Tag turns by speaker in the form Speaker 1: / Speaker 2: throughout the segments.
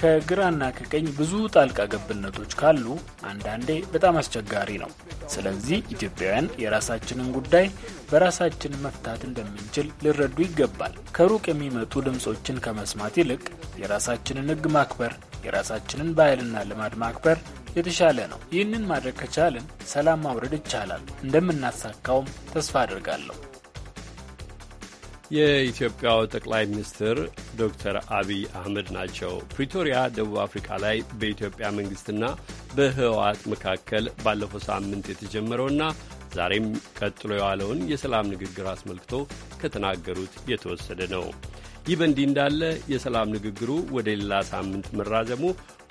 Speaker 1: ከግራና ከቀኝ ብዙ ጣልቃ ገብነቶች ካሉ አንዳንዴ በጣም አስቸጋሪ ነው። ስለዚህ ኢትዮጵያውያን የራሳችንን ጉዳይ በራሳችን መፍታት እንደምንችል ሊረዱ ይገባል። ከሩቅ የሚመጡ ድምፆችን ከመስማት ይልቅ የራሳችንን ሕግ ማክበር፣ የራሳችንን ባህልና ልማድ ማክበር የተሻለ ነው። ይህንን ማድረግ ከቻልን ሰላም ማውረድ ይቻላል። እንደምናሳካውም ተስፋ አድርጋለሁ።
Speaker 2: የኢትዮጵያው ጠቅላይ ሚኒስትር ዶክተር አብይ አህመድ ናቸው። ፕሪቶሪያ፣ ደቡብ አፍሪካ ላይ በኢትዮጵያ መንግስትና በህወሓት መካከል ባለፈው ሳምንት የተጀመረውና ዛሬም ቀጥሎ የዋለውን የሰላም ንግግር አስመልክቶ ከተናገሩት የተወሰደ ነው። ይህ በእንዲህ እንዳለ የሰላም ንግግሩ ወደ ሌላ ሳምንት መራዘሙ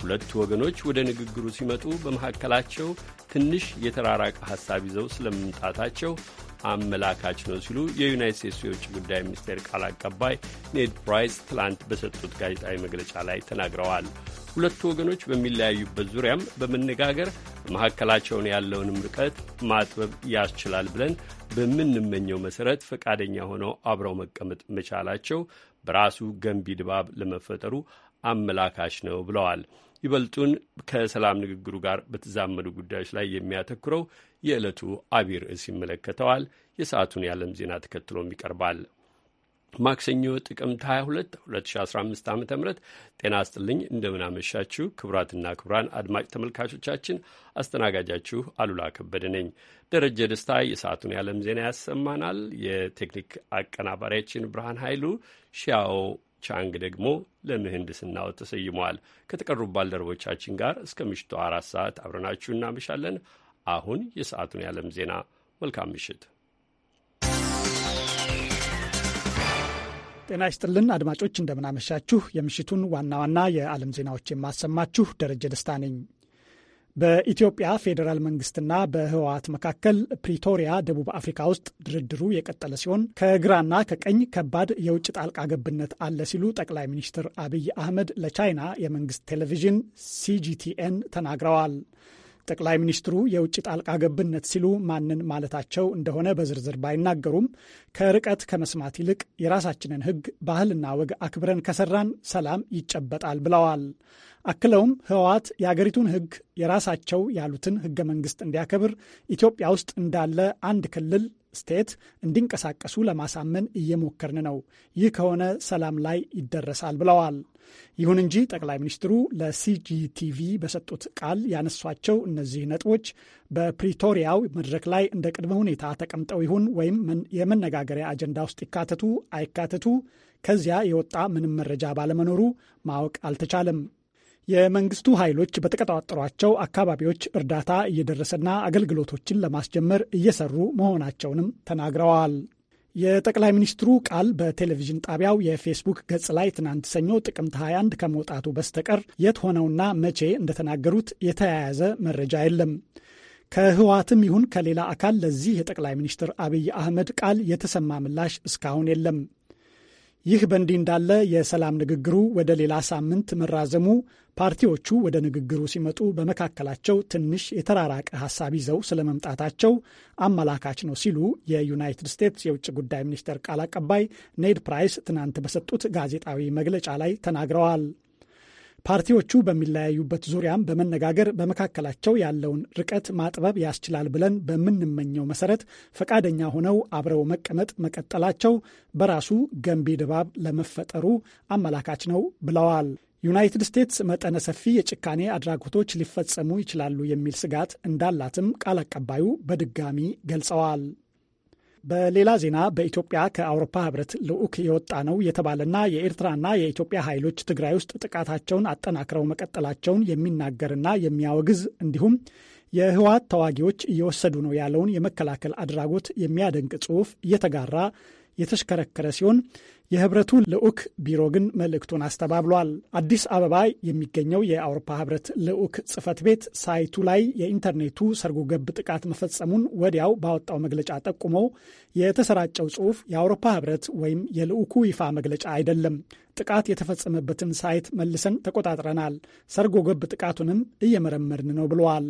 Speaker 2: ሁለቱ ወገኖች ወደ ንግግሩ ሲመጡ በመካከላቸው ትንሽ የተራራቀ ሀሳብ ይዘው ስለመምጣታቸው አመላካች ነው ሲሉ የዩናይት ስቴትስ የውጭ ጉዳይ ሚኒስቴር ቃል አቀባይ ኔድ ፕራይስ ትላንት በሰጡት ጋዜጣዊ መግለጫ ላይ ተናግረዋል። ሁለቱ ወገኖች በሚለያዩበት ዙሪያም በመነጋገር መካከላቸውን ያለውንም ርቀት ማጥበብ ያስችላል ብለን በምንመኘው መሰረት ፈቃደኛ ሆነው አብረው መቀመጥ መቻላቸው በራሱ ገንቢ ድባብ ለመፈጠሩ አመላካች ነው ብለዋል። ይበልጡን ከሰላም ንግግሩ ጋር በተዛመዱ ጉዳዮች ላይ የሚያተኩረው የዕለቱ አቢይ ርዕስ ይመለከተዋል። የሰዓቱን የዓለም ዜና ተከትሎም ይቀርባል። ማክሰኞ ጥቅምት 22 2015 ዓ ም ጤና አስጥልኝ እንደምናመሻችሁ ክቡራትና ክቡራን አድማጭ ተመልካቾቻችን አስተናጋጃችሁ አሉላ ከበደ ነኝ። ደረጀ ደስታ የሰዓቱን የዓለም ዜና ያሰማናል። የቴክኒክ አቀናባሪያችን ብርሃን ኃይሉ ሺያዎ ቻንግ ደግሞ ለምህንድስናው ተሰይመዋል። ከተቀሩ ባልደረቦቻችን ጋር እስከ ምሽቱ አራት ሰዓት አብረናችሁ እናመሻለን። አሁን የሰዓቱን የዓለም ዜና። መልካም ምሽት።
Speaker 3: ጤና ይስጥልን አድማጮች፣ እንደምናመሻችሁ። የምሽቱን ዋና ዋና የዓለም ዜናዎች የማሰማችሁ ደረጀ ደስታ ነኝ። በኢትዮጵያ ፌዴራል መንግስትና በህወሓት መካከል ፕሪቶሪያ ደቡብ አፍሪካ ውስጥ ድርድሩ የቀጠለ ሲሆን ከግራና ከቀኝ ከባድ የውጭ ጣልቃ ገብነት አለ ሲሉ ጠቅላይ ሚኒስትር አብይ አህመድ ለቻይና የመንግስት ቴሌቪዥን ሲጂቲኤን ተናግረዋል። ጠቅላይ ሚኒስትሩ የውጭ ጣልቃ ገብነት ሲሉ ማንን ማለታቸው እንደሆነ በዝርዝር ባይናገሩም ከርቀት ከመስማት ይልቅ የራሳችንን ህግ፣ ባህልና ወግ አክብረን ከሰራን ሰላም ይጨበጣል ብለዋል። አክለውም ህወሓት የአገሪቱን ህግ የራሳቸው ያሉትን ህገ መንግስት እንዲያከብር ኢትዮጵያ ውስጥ እንዳለ አንድ ክልል ስቴት እንዲንቀሳቀሱ ለማሳመን እየሞከርን ነው። ይህ ከሆነ ሰላም ላይ ይደረሳል ብለዋል። ይሁን እንጂ ጠቅላይ ሚኒስትሩ ለሲጂቲቪ በሰጡት ቃል ያነሷቸው እነዚህ ነጥቦች በፕሪቶሪያው መድረክ ላይ እንደ ቅድመ ሁኔታ ተቀምጠው ይሁን ወይም የመነጋገሪያ አጀንዳ ውስጥ ይካተቱ አይካተቱ ከዚያ የወጣ ምንም መረጃ ባለመኖሩ ማወቅ አልተቻለም። የመንግስቱ ኃይሎች በተቀጣጠሯቸው አካባቢዎች እርዳታ እየደረሰና አገልግሎቶችን ለማስጀመር እየሰሩ መሆናቸውንም ተናግረዋል። የጠቅላይ ሚኒስትሩ ቃል በቴሌቪዥን ጣቢያው የፌስቡክ ገጽ ላይ ትናንት ሰኞ ጥቅምት 21 ከመውጣቱ በስተቀር የት ሆነውና መቼ እንደተናገሩት የተያያዘ መረጃ የለም። ከህወሓትም ይሁን ከሌላ አካል ለዚህ የጠቅላይ ሚኒስትር አብይ አህመድ ቃል የተሰማ ምላሽ እስካሁን የለም። ይህ በእንዲህ እንዳለ የሰላም ንግግሩ ወደ ሌላ ሳምንት መራዘሙ ፓርቲዎቹ ወደ ንግግሩ ሲመጡ በመካከላቸው ትንሽ የተራራቀ ሀሳብ ይዘው ስለመምጣታቸው አመላካች ነው ሲሉ የዩናይትድ ስቴትስ የውጭ ጉዳይ ሚኒስቴር ቃል አቀባይ ኔድ ፕራይስ ትናንት በሰጡት ጋዜጣዊ መግለጫ ላይ ተናግረዋል። ፓርቲዎቹ በሚለያዩበት ዙሪያም በመነጋገር በመካከላቸው ያለውን ርቀት ማጥበብ ያስችላል ብለን በምንመኘው መሰረት ፈቃደኛ ሆነው አብረው መቀመጥ መቀጠላቸው በራሱ ገንቢ ድባብ ለመፈጠሩ አመላካች ነው ብለዋል። ዩናይትድ ስቴትስ መጠነ ሰፊ የጭካኔ አድራጎቶች ሊፈጸሙ ይችላሉ የሚል ስጋት እንዳላትም ቃል አቀባዩ በድጋሚ ገልጸዋል። በሌላ ዜና በኢትዮጵያ ከአውሮፓ ህብረት ልዑክ የወጣ ነው የተባለና የኤርትራና የኢትዮጵያ ኃይሎች ትግራይ ውስጥ ጥቃታቸውን አጠናክረው መቀጠላቸውን የሚናገርና የሚያወግዝ እንዲሁም የህወሀት ተዋጊዎች እየወሰዱ ነው ያለውን የመከላከል አድራጎት የሚያደንቅ ጽሑፍ እየተጋራ የተሽከረከረ ሲሆን የህብረቱ ልዑክ ቢሮ ግን መልእክቱን አስተባብሏል። አዲስ አበባ የሚገኘው የአውሮፓ ህብረት ልዑክ ጽህፈት ቤት ሳይቱ ላይ የኢንተርኔቱ ሰርጎ ገብ ጥቃት መፈጸሙን ወዲያው ባወጣው መግለጫ ጠቁሞ የተሰራጨው ጽሑፍ የአውሮፓ ህብረት ወይም የልዑኩ ይፋ መግለጫ አይደለም። ጥቃት የተፈጸመበትን ሳይት መልሰን ተቆጣጥረናል። ሰርጎ ገብ ጥቃቱንም እየመረመርን ነው ብለዋል።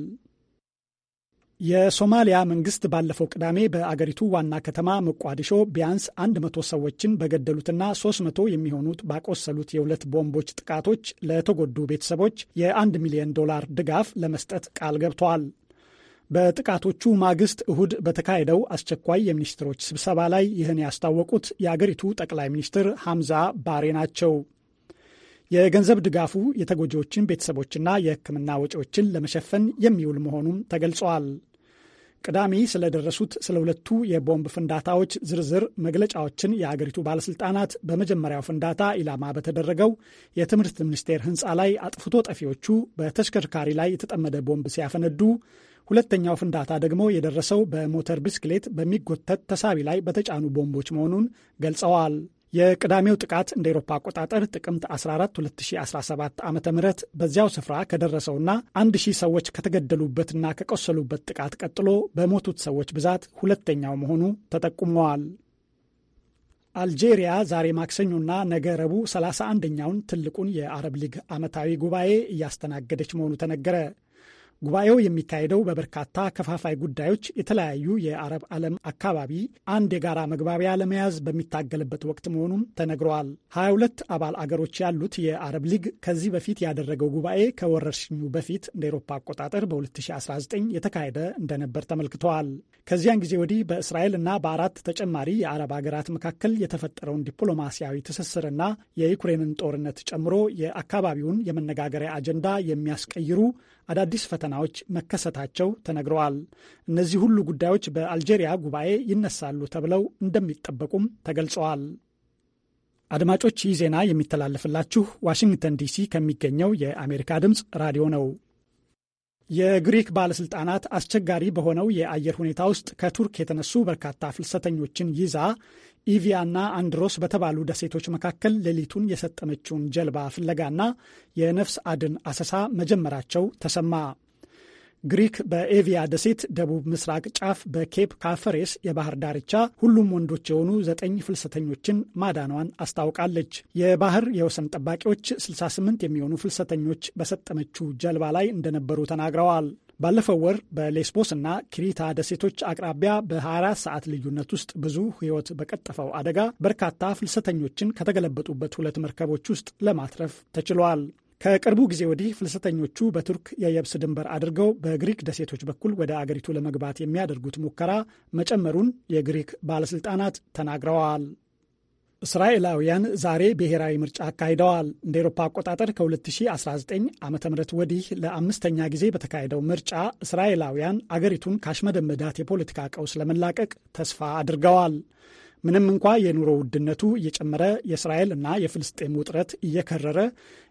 Speaker 3: የሶማሊያ መንግስት ባለፈው ቅዳሜ በአገሪቱ ዋና ከተማ መቋዲሾ ቢያንስ 100 ሰዎችን በገደሉትና 300 የሚሆኑት ባቆሰሉት የሁለት ቦምቦች ጥቃቶች ለተጎዱ ቤተሰቦች የ1 ሚሊዮን ዶላር ድጋፍ ለመስጠት ቃል ገብተዋል። በጥቃቶቹ ማግስት እሁድ በተካሄደው አስቸኳይ የሚኒስትሮች ስብሰባ ላይ ይህን ያስታወቁት የአገሪቱ ጠቅላይ ሚኒስትር ሐምዛ ባሬ ናቸው። የገንዘብ ድጋፉ የተጎጂዎችን ቤተሰቦችና የሕክምና ወጪዎችን ለመሸፈን የሚውል መሆኑም ተገልጿል። ቅዳሜ ስለደረሱት ስለ ሁለቱ የቦምብ ፍንዳታዎች ዝርዝር መግለጫዎችን የአገሪቱ ባለሥልጣናት በመጀመሪያው ፍንዳታ ኢላማ በተደረገው የትምህርት ሚኒስቴር ሕንፃ ላይ አጥፍቶ ጠፊዎቹ በተሽከርካሪ ላይ የተጠመደ ቦምብ ሲያፈነዱ፣ ሁለተኛው ፍንዳታ ደግሞ የደረሰው በሞተር ብስክሌት በሚጎተት ተሳቢ ላይ በተጫኑ ቦምቦች መሆኑን ገልጸዋል። የቅዳሜው ጥቃት እንደ ኤሮፓ አቆጣጠር ጥቅምት 14 2017 ዓ ም በዚያው ስፍራ ከደረሰውና 1 ሺህ ሰዎች ከተገደሉበትና ከቆሰሉበት ጥቃት ቀጥሎ በሞቱት ሰዎች ብዛት ሁለተኛው መሆኑ ተጠቁመዋል። አልጄሪያ ዛሬ ማክሰኞና ነገ ረቡዕ 31ኛውን ትልቁን የአረብ ሊግ ዓመታዊ ጉባኤ እያስተናገደች መሆኑ ተነገረ። ጉባኤው የሚካሄደው በበርካታ ከፋፋይ ጉዳዮች የተለያዩ የአረብ ዓለም አካባቢ አንድ የጋራ መግባቢያ ለመያዝ በሚታገልበት ወቅት መሆኑም ተነግረዋል። 22 አባል አገሮች ያሉት የአረብ ሊግ ከዚህ በፊት ያደረገው ጉባኤ ከወረርሽኙ በፊት እንደ ኤሮፓ አቆጣጠር በ2019 የተካሄደ እንደነበር ተመልክተዋል። ከዚያን ጊዜ ወዲህ በእስራኤል እና በአራት ተጨማሪ የአረብ ሀገራት መካከል የተፈጠረውን ዲፕሎማሲያዊ ትስስርና የዩክሬንን ጦርነት ጨምሮ የአካባቢውን የመነጋገሪያ አጀንዳ የሚያስቀይሩ አዳዲስ ፈተናዎች መከሰታቸው ተነግረዋል። እነዚህ ሁሉ ጉዳዮች በአልጄሪያ ጉባኤ ይነሳሉ ተብለው እንደሚጠበቁም ተገልጸዋል። አድማጮች ይህ ዜና የሚተላለፍላችሁ ዋሽንግተን ዲሲ ከሚገኘው የአሜሪካ ድምፅ ራዲዮ ነው። የግሪክ ባለስልጣናት አስቸጋሪ በሆነው የአየር ሁኔታ ውስጥ ከቱርክ የተነሱ በርካታ ፍልሰተኞችን ይዛ ኢቪያና አንድሮስ በተባሉ ደሴቶች መካከል ሌሊቱን የሰጠመችውን ጀልባ ፍለጋና የነፍስ አድን አሰሳ መጀመራቸው ተሰማ። ግሪክ በኤቪያ ደሴት ደቡብ ምስራቅ ጫፍ በኬፕ ካፈሬስ የባህር ዳርቻ ሁሉም ወንዶች የሆኑ ዘጠኝ ፍልሰተኞችን ማዳኗን አስታውቃለች። የባህር የወሰን ጠባቂዎች 68 የሚሆኑ ፍልሰተኞች በሰጠመችው ጀልባ ላይ እንደነበሩ ተናግረዋል። ባለፈው ወር በሌስቦስ እና ክሪታ ደሴቶች አቅራቢያ በ24 ሰዓት ልዩነት ውስጥ ብዙ ሕይወት በቀጠፈው አደጋ በርካታ ፍልሰተኞችን ከተገለበጡበት ሁለት መርከቦች ውስጥ ለማትረፍ ተችሏል። ከቅርቡ ጊዜ ወዲህ ፍልሰተኞቹ በቱርክ የየብስ ድንበር አድርገው በግሪክ ደሴቶች በኩል ወደ አገሪቱ ለመግባት የሚያደርጉት ሙከራ መጨመሩን የግሪክ ባለስልጣናት ተናግረዋል። እስራኤላውያን ዛሬ ብሔራዊ ምርጫ አካሂደዋል። እንደ ኤሮፓ አቆጣጠር ከ2019 ዓ ም ወዲህ ለአምስተኛ ጊዜ በተካሄደው ምርጫ እስራኤላውያን አገሪቱን ካሽመደመዳት የፖለቲካ ቀውስ ለመላቀቅ ተስፋ አድርገዋል። ምንም እንኳ የኑሮ ውድነቱ እየጨመረ የእስራኤል እና የፍልስጤም ውጥረት እየከረረ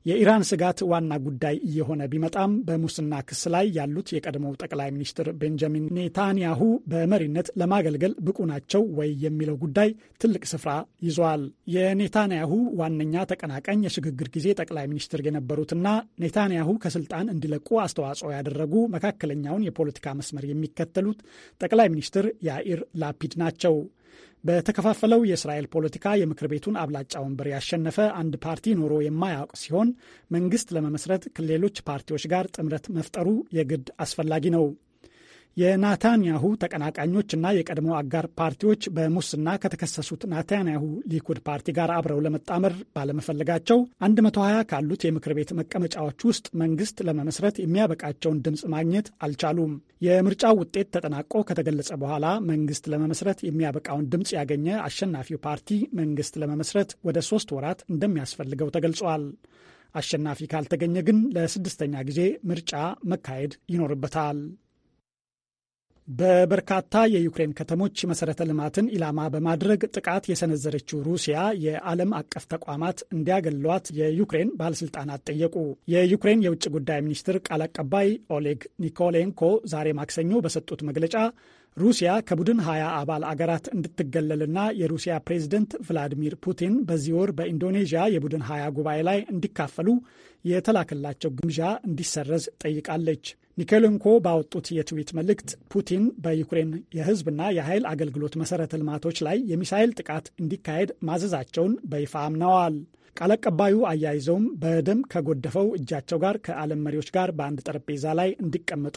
Speaker 3: የኢራን ስጋት ዋና ጉዳይ እየሆነ ቢመጣም በሙስና ክስ ላይ ያሉት የቀድሞው ጠቅላይ ሚኒስትር ቤንጃሚን ኔታንያሁ በመሪነት ለማገልገል ብቁ ናቸው ወይ የሚለው ጉዳይ ትልቅ ስፍራ ይዘዋል። የኔታንያሁ ዋነኛ ተቀናቃኝ የሽግግር ጊዜ ጠቅላይ ሚኒስትር የነበሩትና ኔታንያሁ ከስልጣን እንዲለቁ አስተዋጽኦ ያደረጉ መካከለኛውን የፖለቲካ መስመር የሚከተሉት ጠቅላይ ሚኒስትር ያኢር ላፒድ ናቸው። በተከፋፈለው የእስራኤል ፖለቲካ የምክር ቤቱን አብላጫ ወንበር ያሸነፈ አንድ ፓርቲ ኖሮ የማያውቅ ሲሆን መንግስት ለመመስረት ከሌሎች ፓርቲዎች ጋር ጥምረት መፍጠሩ የግድ አስፈላጊ ነው። የናታንያሁ ተቀናቃኞችና የቀድሞ አጋር ፓርቲዎች በሙስና ከተከሰሱት ናታንያሁ ሊኩድ ፓርቲ ጋር አብረው ለመጣመር ባለመፈለጋቸው 120 ካሉት የምክር ቤት መቀመጫዎች ውስጥ መንግስት ለመመስረት የሚያበቃቸውን ድምፅ ማግኘት አልቻሉም። የምርጫው ውጤት ተጠናቆ ከተገለጸ በኋላ መንግስት ለመመስረት የሚያበቃውን ድምፅ ያገኘ አሸናፊው ፓርቲ መንግስት ለመመስረት ወደ ሶስት ወራት እንደሚያስፈልገው ተገልጿል። አሸናፊ ካልተገኘ ግን ለስድስተኛ ጊዜ ምርጫ መካሄድ ይኖርበታል። በበርካታ የዩክሬን ከተሞች መሰረተ ልማትን ኢላማ በማድረግ ጥቃት የሰነዘረችው ሩሲያ የዓለም አቀፍ ተቋማት እንዲያገሏት የዩክሬን ባለስልጣናት ጠየቁ። የዩክሬን የውጭ ጉዳይ ሚኒስትር ቃል አቀባይ ኦሌግ ኒኮሌንኮ ዛሬ ማክሰኞ በሰጡት መግለጫ ሩሲያ ከቡድን ሀያ አባል አገራት እንድትገለልና የሩሲያ ፕሬዝደንት ቭላዲሚር ፑቲን በዚህ ወር በኢንዶኔዥያ የቡድን ሀያ ጉባኤ ላይ እንዲካፈሉ የተላከላቸው ግምዣ እንዲሰረዝ ጠይቃለች። ኒኮሌንኮ ባወጡት የትዊት መልእክት ፑቲን በዩክሬን የህዝብና የኃይል አገልግሎት መሠረተ ልማቶች ላይ የሚሳይል ጥቃት እንዲካሄድ ማዘዛቸውን በይፋ አምነዋል። ቃል አቀባዩ አያይዘውም በደም ከጎደፈው እጃቸው ጋር ከዓለም መሪዎች ጋር በአንድ ጠረጴዛ ላይ እንዲቀመጡ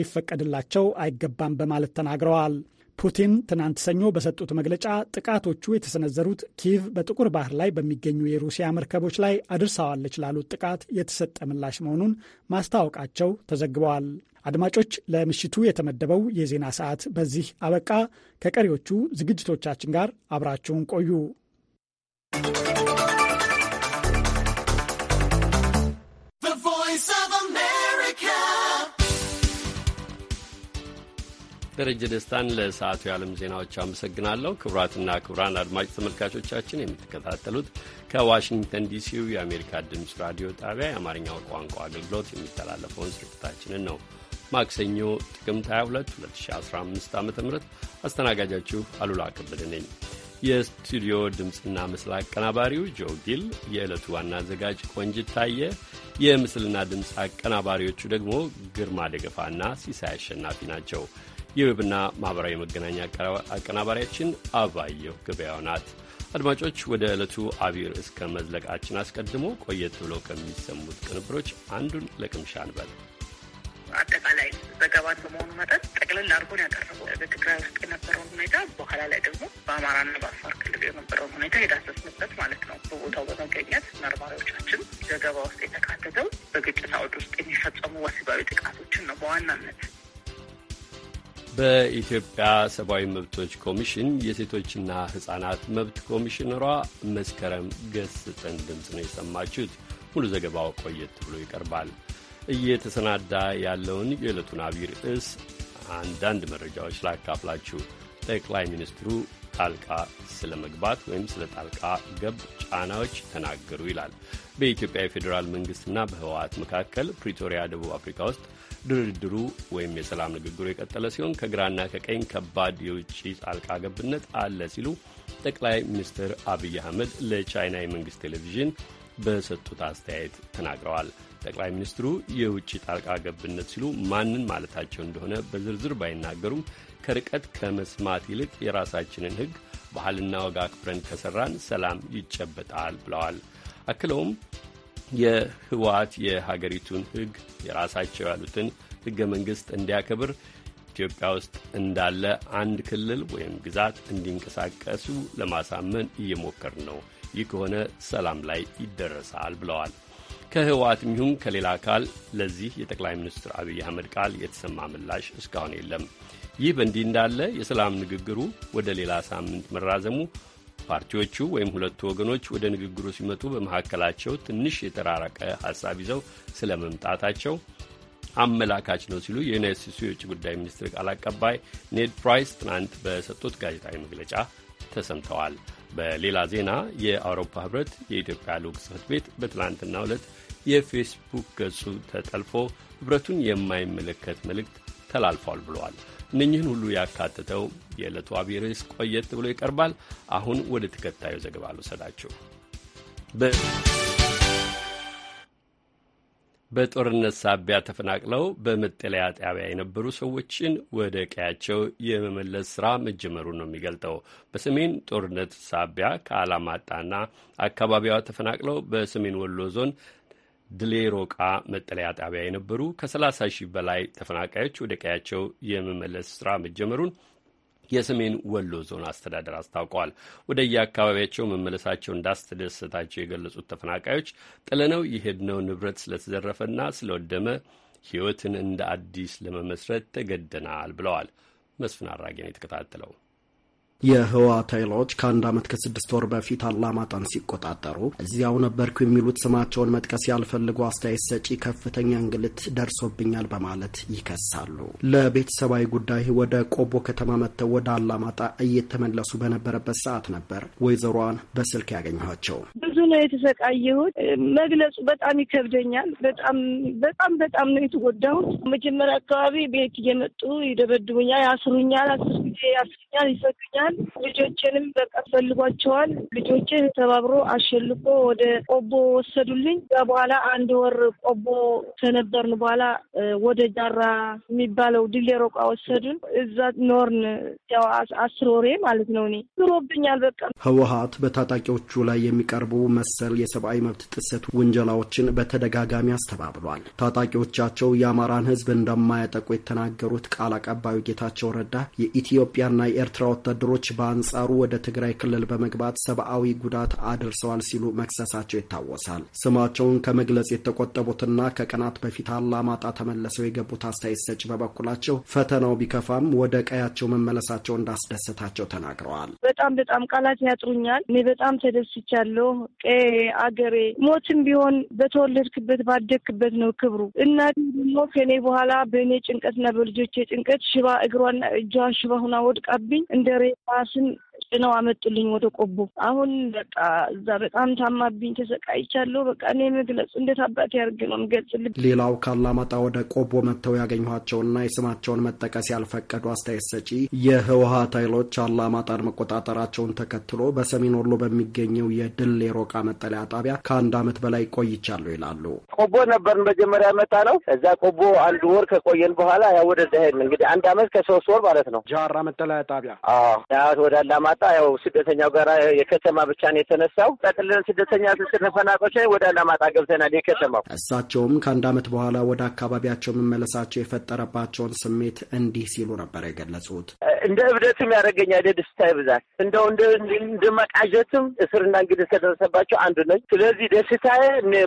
Speaker 3: ሊፈቀድላቸው አይገባም በማለት ተናግረዋል። ፑቲን ትናንት ሰኞ በሰጡት መግለጫ ጥቃቶቹ የተሰነዘሩት ኪቭ በጥቁር ባህር ላይ በሚገኙ የሩሲያ መርከቦች ላይ አድርሰዋለች ላሉት ጥቃት የተሰጠ ምላሽ መሆኑን ማስታወቃቸው ተዘግበዋል። አድማጮች፣ ለምሽቱ የተመደበው የዜና ሰዓት በዚህ አበቃ። ከቀሪዎቹ ዝግጅቶቻችን ጋር አብራችሁን ቆዩ።
Speaker 2: ደረጀ ደስታን ለሰዓቱ የዓለም ዜናዎች አመሰግናለሁ። ክቡራትና ክቡራን አድማጭ ተመልካቾቻችን የምትከታተሉት ከዋሽንግተን ዲሲው የአሜሪካ ድምፅ ራዲዮ ጣቢያ የአማርኛው ቋንቋ አገልግሎት የሚተላለፈውን ስርጭታችንን ነው። ማክሰኞ ጥቅምት 22 2015 ዓ ም አስተናጋጃችሁ አሉላ ከበደ ነኝ። የስቱዲዮ ድምፅና ምስል አቀናባሪው ጆ ጊል፣ የዕለቱ ዋና አዘጋጅ ቆንጅት ታየ፣ የምስልና ድምፅ አቀናባሪዎቹ ደግሞ ግርማ ደገፋና ሲሳይ አሸናፊ ናቸው። የዌብና ማኅበራዊ መገናኛ አቀናባሪያችን አባየሁ ገበያው ናት። አድማጮች ወደ ዕለቱ አብር እስከ መዝለቃችን አስቀድሞ ቆየት ብለው ከሚሰሙት ቅንብሮች አንዱን ለቅምሻ አንበል።
Speaker 4: አጠቃላይ ዘገባ በመሆኑ መጠን ጠቅልል አድርጎን ያቀረበው በትግራይ ውስጥ የነበረውን ሁኔታ በኋላ ላይ ደግሞ በአማራና በአፋር ክልል የነበረውን ሁኔታ የዳሰስንበት ማለት ነው። በቦታው በመገኘት መርማሪዎቻችን ዘገባ ውስጥ የተካተተው በግጭት አውድ ውስጥ የሚፈጸሙ ወሲባዊ ጥቃቶችን ነው በዋናነት
Speaker 2: በኢትዮጵያ ሰብአዊ መብቶች ኮሚሽን የሴቶችና ሕፃናት መብት ኮሚሽነሯ መስከረም ገስጥን ድምፅ ነው የሰማችሁት። ሙሉ ዘገባው ቆየት ብሎ ይቀርባል። እየተሰናዳ ያለውን የዕለቱን አብይ ርዕስ አንዳንድ መረጃዎች ላካፍላችሁ። ጠቅላይ ሚኒስትሩ ጣልቃ ስለ መግባት ወይም ስለ ጣልቃ ገብ ጫናዎች ተናገሩ ይላል። በኢትዮጵያ የፌዴራል መንግስትና በህወሓት መካከል ፕሪቶሪያ፣ ደቡብ አፍሪካ ውስጥ ድርድሩ ወይም የሰላም ንግግሩ የቀጠለ ሲሆን ከግራና ከቀኝ ከባድ የውጭ ጣልቃ ገብነት አለ ሲሉ ጠቅላይ ሚኒስትር አብይ አህመድ ለቻይና የመንግስት ቴሌቪዥን በሰጡት አስተያየት ተናግረዋል። ጠቅላይ ሚኒስትሩ የውጭ ጣልቃ ገብነት ሲሉ ማንን ማለታቸው እንደሆነ በዝርዝር ባይናገሩም ከርቀት ከመስማት ይልቅ የራሳችንን ሕግ ባህልና ወግ አክብረን ከሰራን ሰላም ይጨበጣል ብለዋል። አክለውም የህወሓት የሀገሪቱን ህግ የራሳቸው ያሉትን ህገ መንግስት እንዲያከብር ኢትዮጵያ ውስጥ እንዳለ አንድ ክልል ወይም ግዛት እንዲንቀሳቀሱ ለማሳመን እየሞከር ነው። ይህ ከሆነ ሰላም ላይ ይደረሳል ብለዋል። ከህወሓትም ይሁን ከሌላ አካል ለዚህ የጠቅላይ ሚኒስትር አብይ አህመድ ቃል የተሰማ ምላሽ እስካሁን የለም። ይህ በእንዲህ እንዳለ የሰላም ንግግሩ ወደ ሌላ ሳምንት መራዘሙ ፓርቲዎቹ ወይም ሁለቱ ወገኖች ወደ ንግግሩ ሲመጡ በመካከላቸው ትንሽ የተራራቀ ሀሳብ ይዘው ስለ መምጣታቸው አመላካች ነው ሲሉ የዩናይት ስቴትሱ የውጭ ጉዳይ ሚኒስትር ቃል አቀባይ ኔድ ፕራይስ ትናንት በሰጡት ጋዜጣዊ መግለጫ ተሰምተዋል። በሌላ ዜና የአውሮፓ ህብረት የኢትዮጵያ ልዑክ ጽህፈት ቤት በትናንትናው ሁለት የፌስቡክ ገጹ ተጠልፎ ህብረቱን የማይመለከት መልእክት ተላልፏል ብለዋል። እነኚህን ሁሉ ያካተተው የዕለቱ አብይ ርዕስ ቆየት ብሎ ይቀርባል። አሁን ወደ ተከታዩ ዘገባ ልውሰዳችሁ። በጦርነት ሳቢያ ተፈናቅለው በመጠለያ ጣቢያ የነበሩ ሰዎችን ወደ ቀያቸው የመመለስ ስራ መጀመሩን ነው የሚገልጠው። በሰሜን ጦርነት ሳቢያ ከአላማጣና አካባቢዋ ተፈናቅለው በሰሜን ወሎ ዞን ድሌሮቃ መጠለያ ጣቢያ የነበሩ ከ30 ሺህ በላይ ተፈናቃዮች ወደ ቀያቸው የመመለስ ስራ መጀመሩን የሰሜን ወሎ ዞን አስተዳደር አስታውቀዋል። ወደ የአካባቢያቸው መመለሳቸው እንዳስተደሰታቸው የገለጹት ተፈናቃዮች ጥለነው የሄድነው ንብረት ስለተዘረፈና ስለወደመ ሕይወትን እንደ አዲስ ለመመስረት ተገደናል ብለዋል። መስፍን አራጌን ነው የተከታተለው።
Speaker 5: የህወሓት ኃይሎች ከአንድ ዓመት ከስድስት ወር በፊት አላማጣን ሲቆጣጠሩ እዚያው ነበርኩ የሚሉት ስማቸውን መጥቀስ ያልፈልጉ አስተያየት ሰጪ ከፍተኛ እንግልት ደርሶብኛል በማለት ይከሳሉ። ለቤተሰባዊ ጉዳይ ወደ ቆቦ ከተማ መጥተው ወደ አላማጣ እየተመለሱ በነበረበት ሰዓት ነበር ወይዘሮዋን በስልክ ያገኘኋቸው።
Speaker 6: ነው የተሰቃየሁት። መግለጹ በጣም ይከብደኛል። በጣም በጣም በጣም ነው የተጎዳሁት። መጀመሪያ አካባቢ ቤት እየመጡ ይደበድቡኛል፣ ያስሩኛል፣ አስር ጊዜ ያስሩኛል፣ ይሰጡኛል። ልጆቼንም በቃ ፈልጓቸዋል። ልጆችን ተባብሮ አሸልቆ ወደ ቆቦ ወሰዱልኝ። በኋላ አንድ ወር ቆቦ ከነበርን በኋላ ወደ ጃራ የሚባለው ድሌ ሮቃ ወሰዱን። እዛ ኖርን ያው አስር ወሬ ማለት ነው። እኔ ኑሮብኛል በቃ
Speaker 5: ህወሀት በታጣቂዎቹ ላይ የሚቀርቡ መሰል የሰብአዊ መብት ጥሰት ውንጀላዎችን በተደጋጋሚ አስተባብሏል። ታጣቂዎቻቸው የአማራን ሕዝብ እንደማያጠቁ የተናገሩት ቃል አቀባዩ ጌታቸው ረዳ የኢትዮጵያና የኤርትራ ወታደሮች በአንጻሩ ወደ ትግራይ ክልል በመግባት ሰብአዊ ጉዳት አድርሰዋል ሲሉ መክሰሳቸው ይታወሳል። ስማቸውን ከመግለጽ የተቆጠቡትና ከቀናት በፊት አላማጣ ተመለሰው የገቡት አስተያየት ሰጭ በበኩላቸው ፈተናው ቢከፋም ወደ ቀያቸው መመለሳቸው እንዳስደሰታቸው ተናግረዋል።
Speaker 6: በጣም በጣም ቃላት ያጥሩኛል። እኔ በጣም ተደስቻለሁ። አገሬ ሞትም ቢሆን በተወለድክበት ባደግክበት ነው ክብሩ። እናቴ ደግሞ ከኔ በኋላ በእኔ ጭንቀትና በልጆቼ ጭንቀት ሽባ እግሯና እጇ ሽባ ሁና ወድቃብኝ እንደ ሬ ስም ውስጥ ነው አመጡልኝ ወደ ቆቦ። አሁን በቃ እዛ በጣም ታማብኝ ተሰቃይቻለሁ። በቃ እኔ መግለጽ እንዴት አባት ያርግ ነው ምገልጽል።
Speaker 5: ሌላው ካላማጣ ወደ ቆቦ መጥተው ያገኘኋቸውና የስማቸውን መጠቀስ ያልፈቀዱ አስተያየት ሰጪ የህወሀት ኃይሎች አላማጣን መቆጣጠራቸውን ተከትሎ በሰሜን ወሎ በሚገኘው የድል የሮቃ መጠለያ ጣቢያ ከአንድ አመት በላይ ቆይቻለሁ ይላሉ።
Speaker 7: ቆቦ ነበር መጀመሪያ መጣ ነው። እዛ ቆቦ አንድ ወር ከቆየን በኋላ ያው ወደዛ ሄድን። እንግዲህ አንድ አመት ከሶስት ወር ማለት ነው። ጃራ መጠለያ ጣቢያ ወደ አላማ ሲመጣ ያው ስደተኛው ጋር የከተማ ብቻ ነው የተነሳው። ጠቅልለን ስደተኛ ስስር ተፈናቆች ወደ አላማጣ ገብተናል። የከተማው
Speaker 5: እሳቸውም ከአንድ አመት በኋላ ወደ አካባቢያቸው መመለሳቸው የፈጠረባቸውን ስሜት እንዲህ ሲሉ ነበር የገለጹት።
Speaker 7: እንደ እብደትም ያደረገኛል የደስታ ብዛት። እንደው እንደ መቃዠትም እስርና እንግዲህ ከደረሰባቸው አንዱ ነኝ። ስለዚህ ደስታዬ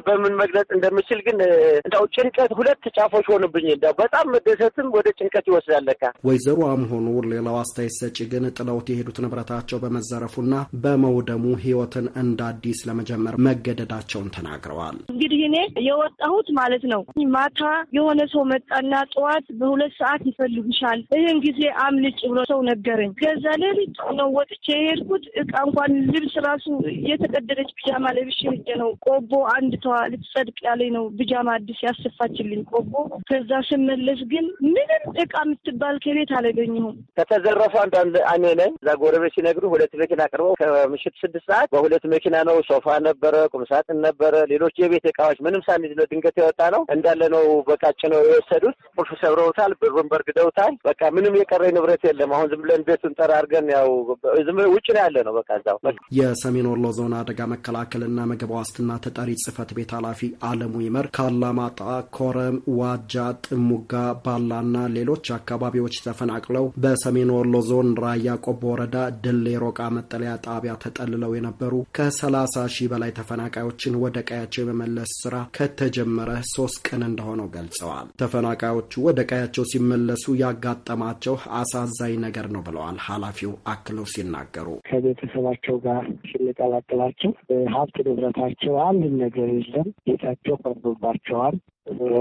Speaker 7: በምን መግለጽ እንደምችል ግን እንደው ጭንቀት ሁለት ጫፎች ሆኑብኝ። እንደው በጣም መደሰትም ወደ ጭንቀት ይወስዳለካ።
Speaker 5: ወይዘሮ አምሆኑ ሌላው አስተያየት ሰጪ ግን ጥለውት የሄዱት ንብረታቸው በመዘረፉና በመውደሙ ህይወትን እንደ አዲስ ለመጀመር መገደዳቸውን ተናግረዋል።
Speaker 6: እንግዲህ እኔ የወጣሁት ማለት ነው ማታ የሆነ ሰው መጣና ጠዋት በሁለት ሰዓት ይፈልጉሻል፣ ይህን ጊዜ አምልጭ ብሎ ሰው ነገረኝ። ከዛ ሌሊት ነው ወጥቼ የሄድኩት። እቃ እንኳን ልብስ ራሱ የተቀደደች ብጃማ ለብሼ ሄጄ ነው። ቆቦ አንድ ተዋ ልትጸድቅ ያለኝ ነው ብጃማ አዲስ ያሰፋችልኝ ቆቦ። ከዛ ስመለስ ግን ምንም እቃ የምትባል ከቤት አላገኘሁም።
Speaker 7: ከተዘረፉ አንዱ እኔ ነኝ። እዛ ጎረቤት ሲነግሩ ሁለት መኪና ቀርበው ከምሽት ስድስት ሰዓት በሁለት መኪና ነው። ሶፋ ነበረ፣ ቁምሳጥን ነበረ፣ ሌሎች የቤት እቃዎች ምንም ሳንይዝ ነው ድንገት የወጣ ነው እንዳለ ነው። በቃጭ ነው የወሰዱት። ቁልፍ ሰብረውታል፣ ብሩን በርግደውታል። በቃ ምንም የቀረኝ ንብረት የለም። አይደለም። አሁን ዝም ብለን ቤት ስንጠራ ያው ዝም ውጭ ነው ያለ ነው በቃ እዛው።
Speaker 5: የሰሜን ወሎ ዞን አደጋ መከላከልና ምግብ ዋስትና ተጠሪ ጽህፈት ቤት ኃላፊ አለሙ ይመር ካላማጣ፣ ኮረም፣ ዋጃ፣ ጥሙጋ፣ ባላና ሌሎች አካባቢዎች ተፈናቅለው በሰሜን ወሎ ዞን ራያ ቆቦ ወረዳ ድሌ ሮቃ መጠለያ ጣቢያ ተጠልለው የነበሩ ከሰላሳ ሺህ በላይ ተፈናቃዮችን ወደ ቀያቸው የመመለስ ስራ ከተጀመረ ሶስት ቀን እንደሆነው ገልጸዋል። ተፈናቃዮቹ ወደ ቀያቸው ሲመለሱ ያጋጠማቸው አሳዛኝ ነገር ነው ብለዋል ኃላፊው አክለው ሲናገሩ
Speaker 8: ከቤተሰባቸው ጋር ስንቀላቅላቸው ሀብት ንብረታቸው አንድ ነገር የለም። ቤታቸው ፈርዶባቸዋል።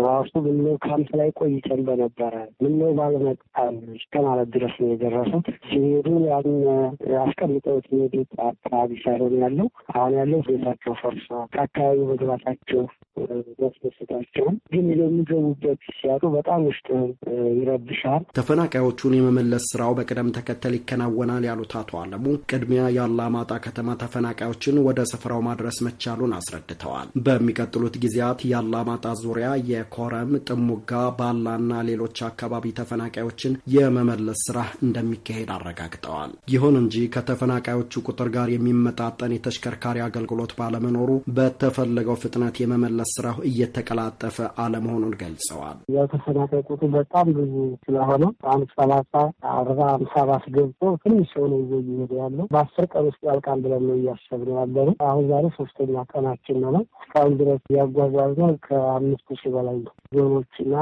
Speaker 8: ራሱ ምነው ካምፕ ላይ ቆይተን በነበረ ምነው ባለመጣል እስከ ማለት ድረስ ነው የደረሱት። ሲሄዱ ያን አስቀምጠውት የሄዱት አካባቢ ሳይሆን ያለው አሁን ያለው ቤታቸው ፈርሶ ከአካባቢ መግባታቸው ያስደስታቸውም፣ ግን የሚገቡበት ሲያጡ በጣም ውስጥ ይረብሻል።
Speaker 5: ተፈናቃዮቹን የመመለስ ስራው በቅደም ተከተል ይከናወናል ያሉት አቶ አለሙ ቅድሚያ የአላማጣ ከተማ ተፈናቃዮችን ወደ ስፍራው ማድረስ መቻሉን አስረድተዋል። በሚቀጥሉት ጊዜያት የአላማጣ ዙሪያ የኮረም ጥሙጋ፣ ባላና ሌሎች አካባቢ ተፈናቃዮችን የመመለስ ስራ እንደሚካሄድ አረጋግጠዋል። ይሁን እንጂ ከተፈናቃዮቹ ቁጥር ጋር የሚመጣጠን የተሽከርካሪ አገልግሎት ባለመኖሩ በተፈለገው ፍጥነት የመመለስ ስራው እየተቀላጠፈ አለመሆኑን ገልጸዋል።
Speaker 8: የተፈናቃይ ቁጥር በጣም ብዙ ስለሆነ አንድ ሰላሳ አርባ አምሳ ባስ ገብቶ ትንሽ ሰው ይዞ እየሄደ ያለው በአስር ቀን ውስጥ ያልቃል ብለን ነው እያሰብን ያለነው። አሁን ዛሬ ሶስተኛ ቀናችን ነው። እስካሁን ድረስ ያጓጓዝነው ከአምስት ሺህ በላይ ነው። ዞኖችና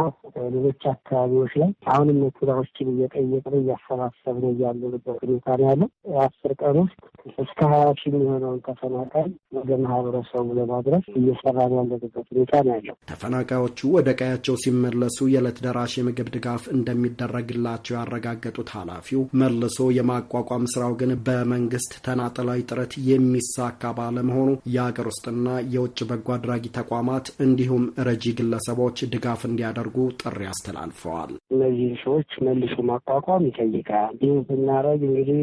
Speaker 8: ሌሎች አካባቢዎች ላይ አሁንም የኩራዎችን እየጠየቅን እያሰባሰብን እያለንበት ሁኔታ ነው ያለ። አስር ቀን ውስጥ እስከ ሀያ ሺህ የሚሆነውን ተፈናቃይ ወደ ማህበረሰቡ ለማድረስ እየሰራን ያለንበት ሁኔታ ነው ያለው።
Speaker 5: ተፈናቃዮቹ ወደ ቀያቸው ሲመለሱ የዕለት ደራሽ የምግብ ድጋፍ እንደሚደረግላቸው ያረጋገጡት ኃላፊው መልሶ የማቋቋም ስራው ግን በመንግስት ተናጠላዊ ጥረት የሚሳካ ባለመሆኑ የአገር ውስጥና የውጭ በጎ አድራጊ ተቋማት እንዲሁም ረጂ ግል ግለሰቦች ድጋፍ እንዲያደርጉ ጥሪ አስተላልፈዋል።
Speaker 8: እነዚህ ሰዎች መልሶ ማቋቋም ይጠይቃል። ይህ ብናረግ እንግዲህ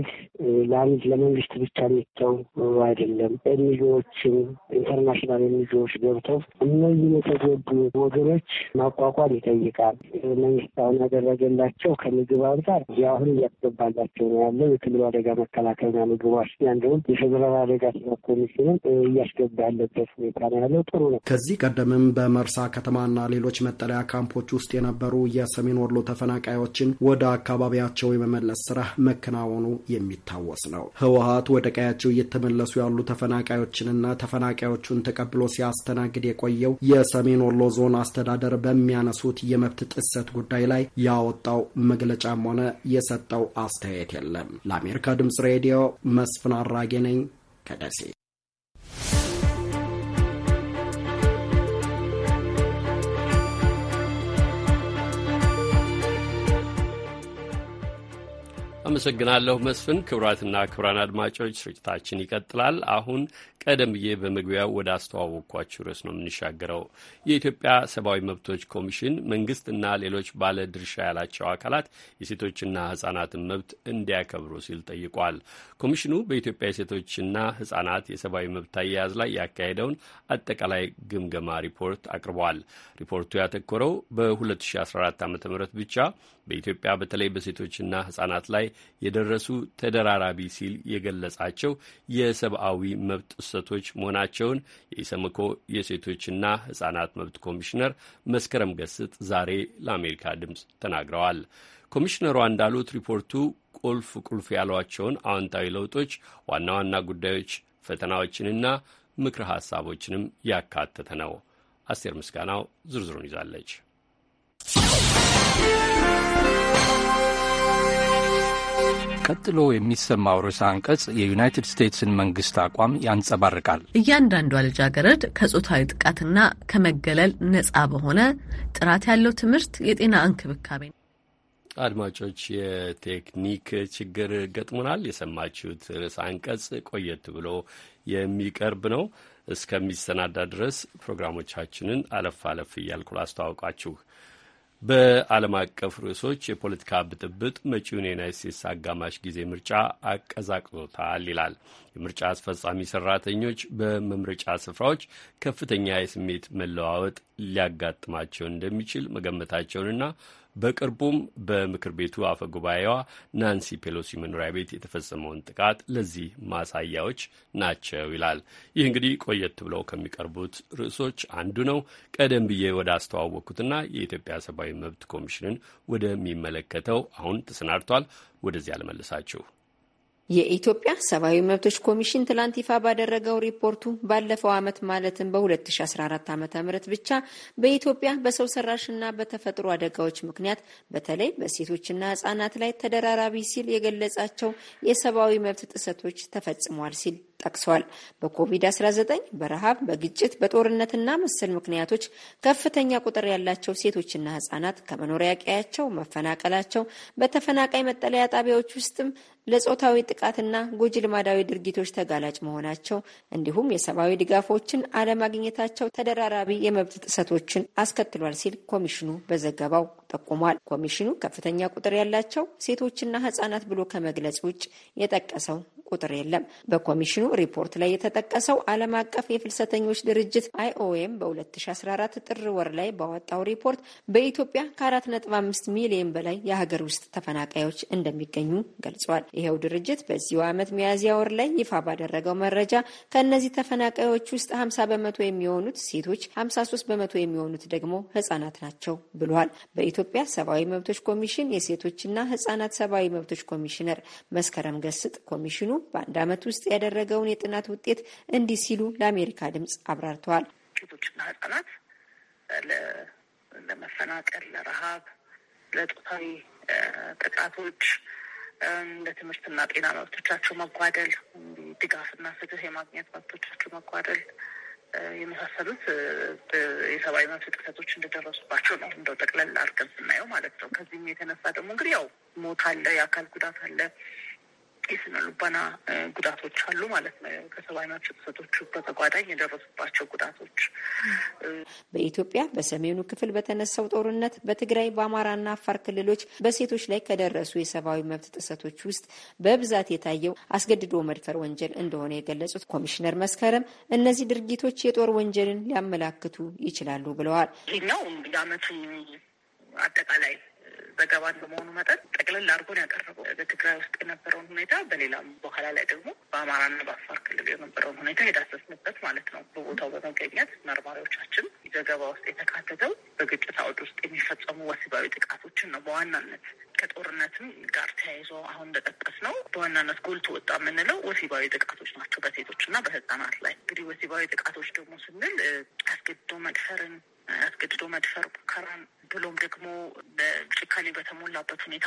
Speaker 8: ለአንድ ለመንግስት ብቻ የሚተው አይደለም። ኤንጂኦዎችም ኢንተርናሽናል ኤንጂኦዎች ገብተው እነዚህ የተጎዱ ወገኖች ማቋቋም ይጠይቃል። መንግስት አሁን ያደረገላቸው ከምግብ አንጻር አሁን እያስገባላቸው ነው ያለው የክልሉ አደጋ መከላከልና ምግብ ዋስትና እንዲሁም የፌዴራል አደጋ ስራ ኮሚሽንም እያስገባ ያለበት ሁኔታ ነው ያለው። ጥሩ ነው።
Speaker 5: ከዚህ ቀደምም በመርሳ ከተማ ከተማና ሌሎች መጠለያ ካምፖች ውስጥ የነበሩ የሰሜን ወሎ ተፈናቃዮችን ወደ አካባቢያቸው የመመለስ ስራ መከናወኑ የሚታወስ ነው። ህወሀት ወደ ቀያቸው እየተመለሱ ያሉ ተፈናቃዮችንና ተፈናቃዮቹን ተቀብሎ ሲያስተናግድ የቆየው የሰሜን ወሎ ዞን አስተዳደር በሚያነሱት የመብት ጥሰት ጉዳይ ላይ ያወጣው መግለጫም ሆነ የሰጠው አስተያየት የለም። ለአሜሪካ ድምጽ ሬዲዮ መስፍን አራጌ ነኝ ከደሴ
Speaker 2: አመሰግናለሁ መስፍን። ክቡራትና ክቡራን አድማጮች ስርጭታችን ይቀጥላል። አሁን ቀደም ብዬ በመግቢያው ወደ አስተዋወቅኳችሁ ርዕስ ነው የምንሻገረው። የኢትዮጵያ ሰብአዊ መብቶች ኮሚሽን መንግስትና ሌሎች ባለ ድርሻ ያላቸው አካላት የሴቶችና ህጻናትን መብት እንዲያከብሩ ሲል ጠይቋል። ኮሚሽኑ በኢትዮጵያ የሴቶችና ህጻናት የሰብአዊ መብት አያያዝ ላይ ያካሄደውን አጠቃላይ ግምገማ ሪፖርት አቅርቧል። ሪፖርቱ ያተኮረው በ2014 ዓ ም ብቻ በኢትዮጵያ በተለይ በሴቶችና ህጻናት ላይ የደረሱ ተደራራቢ ሲል የገለጻቸው የሰብአዊ መብት ጥሰቶች መሆናቸውን የኢሰመኮ የሴቶችና ህጻናት መብት ኮሚሽነር መስከረም ገስጥ ዛሬ ለአሜሪካ ድምፅ ተናግረዋል። ኮሚሽነሯ እንዳሉት ሪፖርቱ ቁልፍ ቁልፍ ያሏቸውን አዎንታዊ ለውጦች፣ ዋና ዋና ጉዳዮች፣ ፈተናዎችንና ምክረ ሀሳቦችንም ያካተተ ነው። አስቴር ምስጋናው ዝርዝሩን ይዛለች።
Speaker 9: ቀጥሎ የሚሰማው ርዕሰ አንቀጽ የዩናይትድ ስቴትስን መንግስት አቋም ያንጸባርቃል።
Speaker 4: እያንዳንዷ ልጃገረድ ከጾታዊ ጥቃትና ከመገለል ነጻ በሆነ ጥራት ያለው ትምህርት፣ የጤና እንክብካቤ
Speaker 2: አድማጮች፣ የቴክኒክ ችግር ገጥሞናል። የሰማችሁት ርዕሰ አንቀጽ ቆየት ብሎ የሚቀርብ ነው። እስከሚሰናዳ ድረስ ፕሮግራሞቻችንን አለፍ አለፍ እያልኩ ላስተዋውቃችሁ። በዓለም አቀፍ ርዕሶች የፖለቲካ ብጥብጥ መጪውን የዩናይት ስቴትስ አጋማሽ ጊዜ ምርጫ አቀዛቅዞታል ይላል። የምርጫ አስፈጻሚ ሰራተኞች በመምረጫ ስፍራዎች ከፍተኛ የስሜት መለዋወጥ ሊያጋጥማቸው እንደሚችል መገመታቸውንና በቅርቡም በምክር ቤቱ አፈ ጉባኤዋ ናንሲ ፔሎሲ መኖሪያ ቤት የተፈጸመውን ጥቃት ለዚህ ማሳያዎች ናቸው ይላል። ይህ እንግዲህ ቆየት ብለው ከሚቀርቡት ርዕሶች አንዱ ነው። ቀደም ብዬ ወደ አስተዋወቅኩትና የኢትዮጵያ ሰብአዊ መብት ኮሚሽንን ወደሚመለከተው አሁን ተሰናድቷል። ወደዚያ ልመልሳችሁ።
Speaker 10: የኢትዮጵያ ሰብአዊ መብቶች ኮሚሽን ትላንት ይፋ ባደረገው ሪፖርቱ ባለፈው ዓመት ማለትም በ2014 ዓ ም ብቻ በኢትዮጵያ በሰው ሰራሽና በተፈጥሮ አደጋዎች ምክንያት በተለይ በሴቶችና ህጻናት ላይ ተደራራቢ ሲል የገለጻቸው የሰብአዊ መብት ጥሰቶች ተፈጽሟል ሲል ጠቅሷል። በኮቪድ-19 በረሃብ፣ በግጭት፣ በጦርነትና መሰል ምክንያቶች ከፍተኛ ቁጥር ያላቸው ሴቶችና ህጻናት ከመኖሪያ ቀያቸው መፈናቀላቸው፣ በተፈናቃይ መጠለያ ጣቢያዎች ውስጥም ለጾታዊ ጥቃትና ጎጂ ልማዳዊ ድርጊቶች ተጋላጭ መሆናቸው እንዲሁም የሰብአዊ ድጋፎችን አለማግኘታቸው ተደራራቢ የመብት ጥሰቶችን አስከትሏል ሲል ኮሚሽኑ በዘገባው ጠቁሟል። ኮሚሽኑ ከፍተኛ ቁጥር ያላቸው ሴቶችና ህጻናት ብሎ ከመግለጽ ውጭ የጠቀሰው ቁጥር የለም። በኮሚሽኑ ሪፖርት ላይ የተጠቀሰው ዓለም አቀፍ የፍልሰተኞች ድርጅት አይኦኤም በ2014 ጥር ወር ላይ ባወጣው ሪፖርት በኢትዮጵያ ከ4.5 ሚሊዮን በላይ የሀገር ውስጥ ተፈናቃዮች እንደሚገኙ ገልጿል። ይኸው ድርጅት በዚሁ ዓመት ሚያዝያ ወር ላይ ይፋ ባደረገው መረጃ ከእነዚህ ተፈናቃዮች ውስጥ 50 በመቶ የሚሆኑት ሴቶች፣ 53 በመቶ የሚሆኑት ደግሞ ህጻናት ናቸው ብሏል። የኢትዮጵያ ሰብአዊ መብቶች ኮሚሽን የሴቶችና ህጻናት ሰብአዊ መብቶች ኮሚሽነር መስከረም ገስጥ ኮሚሽኑ በአንድ ዓመት ውስጥ ያደረገውን የጥናት ውጤት እንዲህ ሲሉ ለአሜሪካ ድምጽ አብራርተዋል። ሴቶችና ህጻናት
Speaker 4: ለመፈናቀል፣ ለረሃብ፣ ለጾታዊ ጥቃቶች፣ ለትምህርትና ጤና መብቶቻቸው መጓደል፣ ድጋፍና ፍትህ የማግኘት መብቶቻቸው መጓደል የመሳሰሉት የሰብአዊ መብት ጥሰቶች እንደደረሱባቸው ነው እንደው ጠቅለል አድርገን ስናየው ማለት ነው። ከዚህም የተነሳ ደግሞ እንግዲህ ያው ሞት አለ፣ የአካል ጉዳት አለ የስነ ልቦና ጉዳቶች አሉ ማለት ነው። ከሰብአዊ መብት ጥሰቶቹ በተጓዳኝ የደረሱባቸው ጉዳቶች
Speaker 10: በኢትዮጵያ በሰሜኑ ክፍል በተነሳው ጦርነት በትግራይ በአማራና አፋር ክልሎች በሴቶች ላይ ከደረሱ የሰብአዊ መብት ጥሰቶች ውስጥ በብዛት የታየው አስገድዶ መድፈር ወንጀል እንደሆነ የገለጹት ኮሚሽነር መስከረም እነዚህ ድርጊቶች የጦር ወንጀልን ሊያመላክቱ ይችላሉ ብለዋል።
Speaker 4: ይህ ነው የአመቱ አጠቃላይ ዘገባን በመሆኑ መጠን ጠቅልል አድርጎን ያቀረበው በትግራይ ውስጥ የነበረውን ሁኔታ በሌላም በኋላ ላይ ደግሞ በአማራና በአፋር ክልል የነበረውን ሁኔታ የዳሰስንበት ማለት ነው። በቦታው በመገኘት መርማሪዎቻችን ዘገባ ውስጥ የተካተተው በግጭት አውድ ውስጥ የሚፈጸሙ ወሲባዊ ጥቃቶችን ነው በዋናነት ከጦርነትም ጋር ተያይዞ አሁን እንደጠቀስ ነው በዋናነት ጎልቶ ወጣ የምንለው ወሲባዊ ጥቃቶች ናቸው በሴቶች እና በህጻናት ላይ። እንግዲህ ወሲባዊ ጥቃቶች ደግሞ ስንል አስገድዶ መድፈርን አስገድዶ መድፈር ሙከራን ብሎም ደግሞ በጭካኔ በተሞላበት ሁኔታ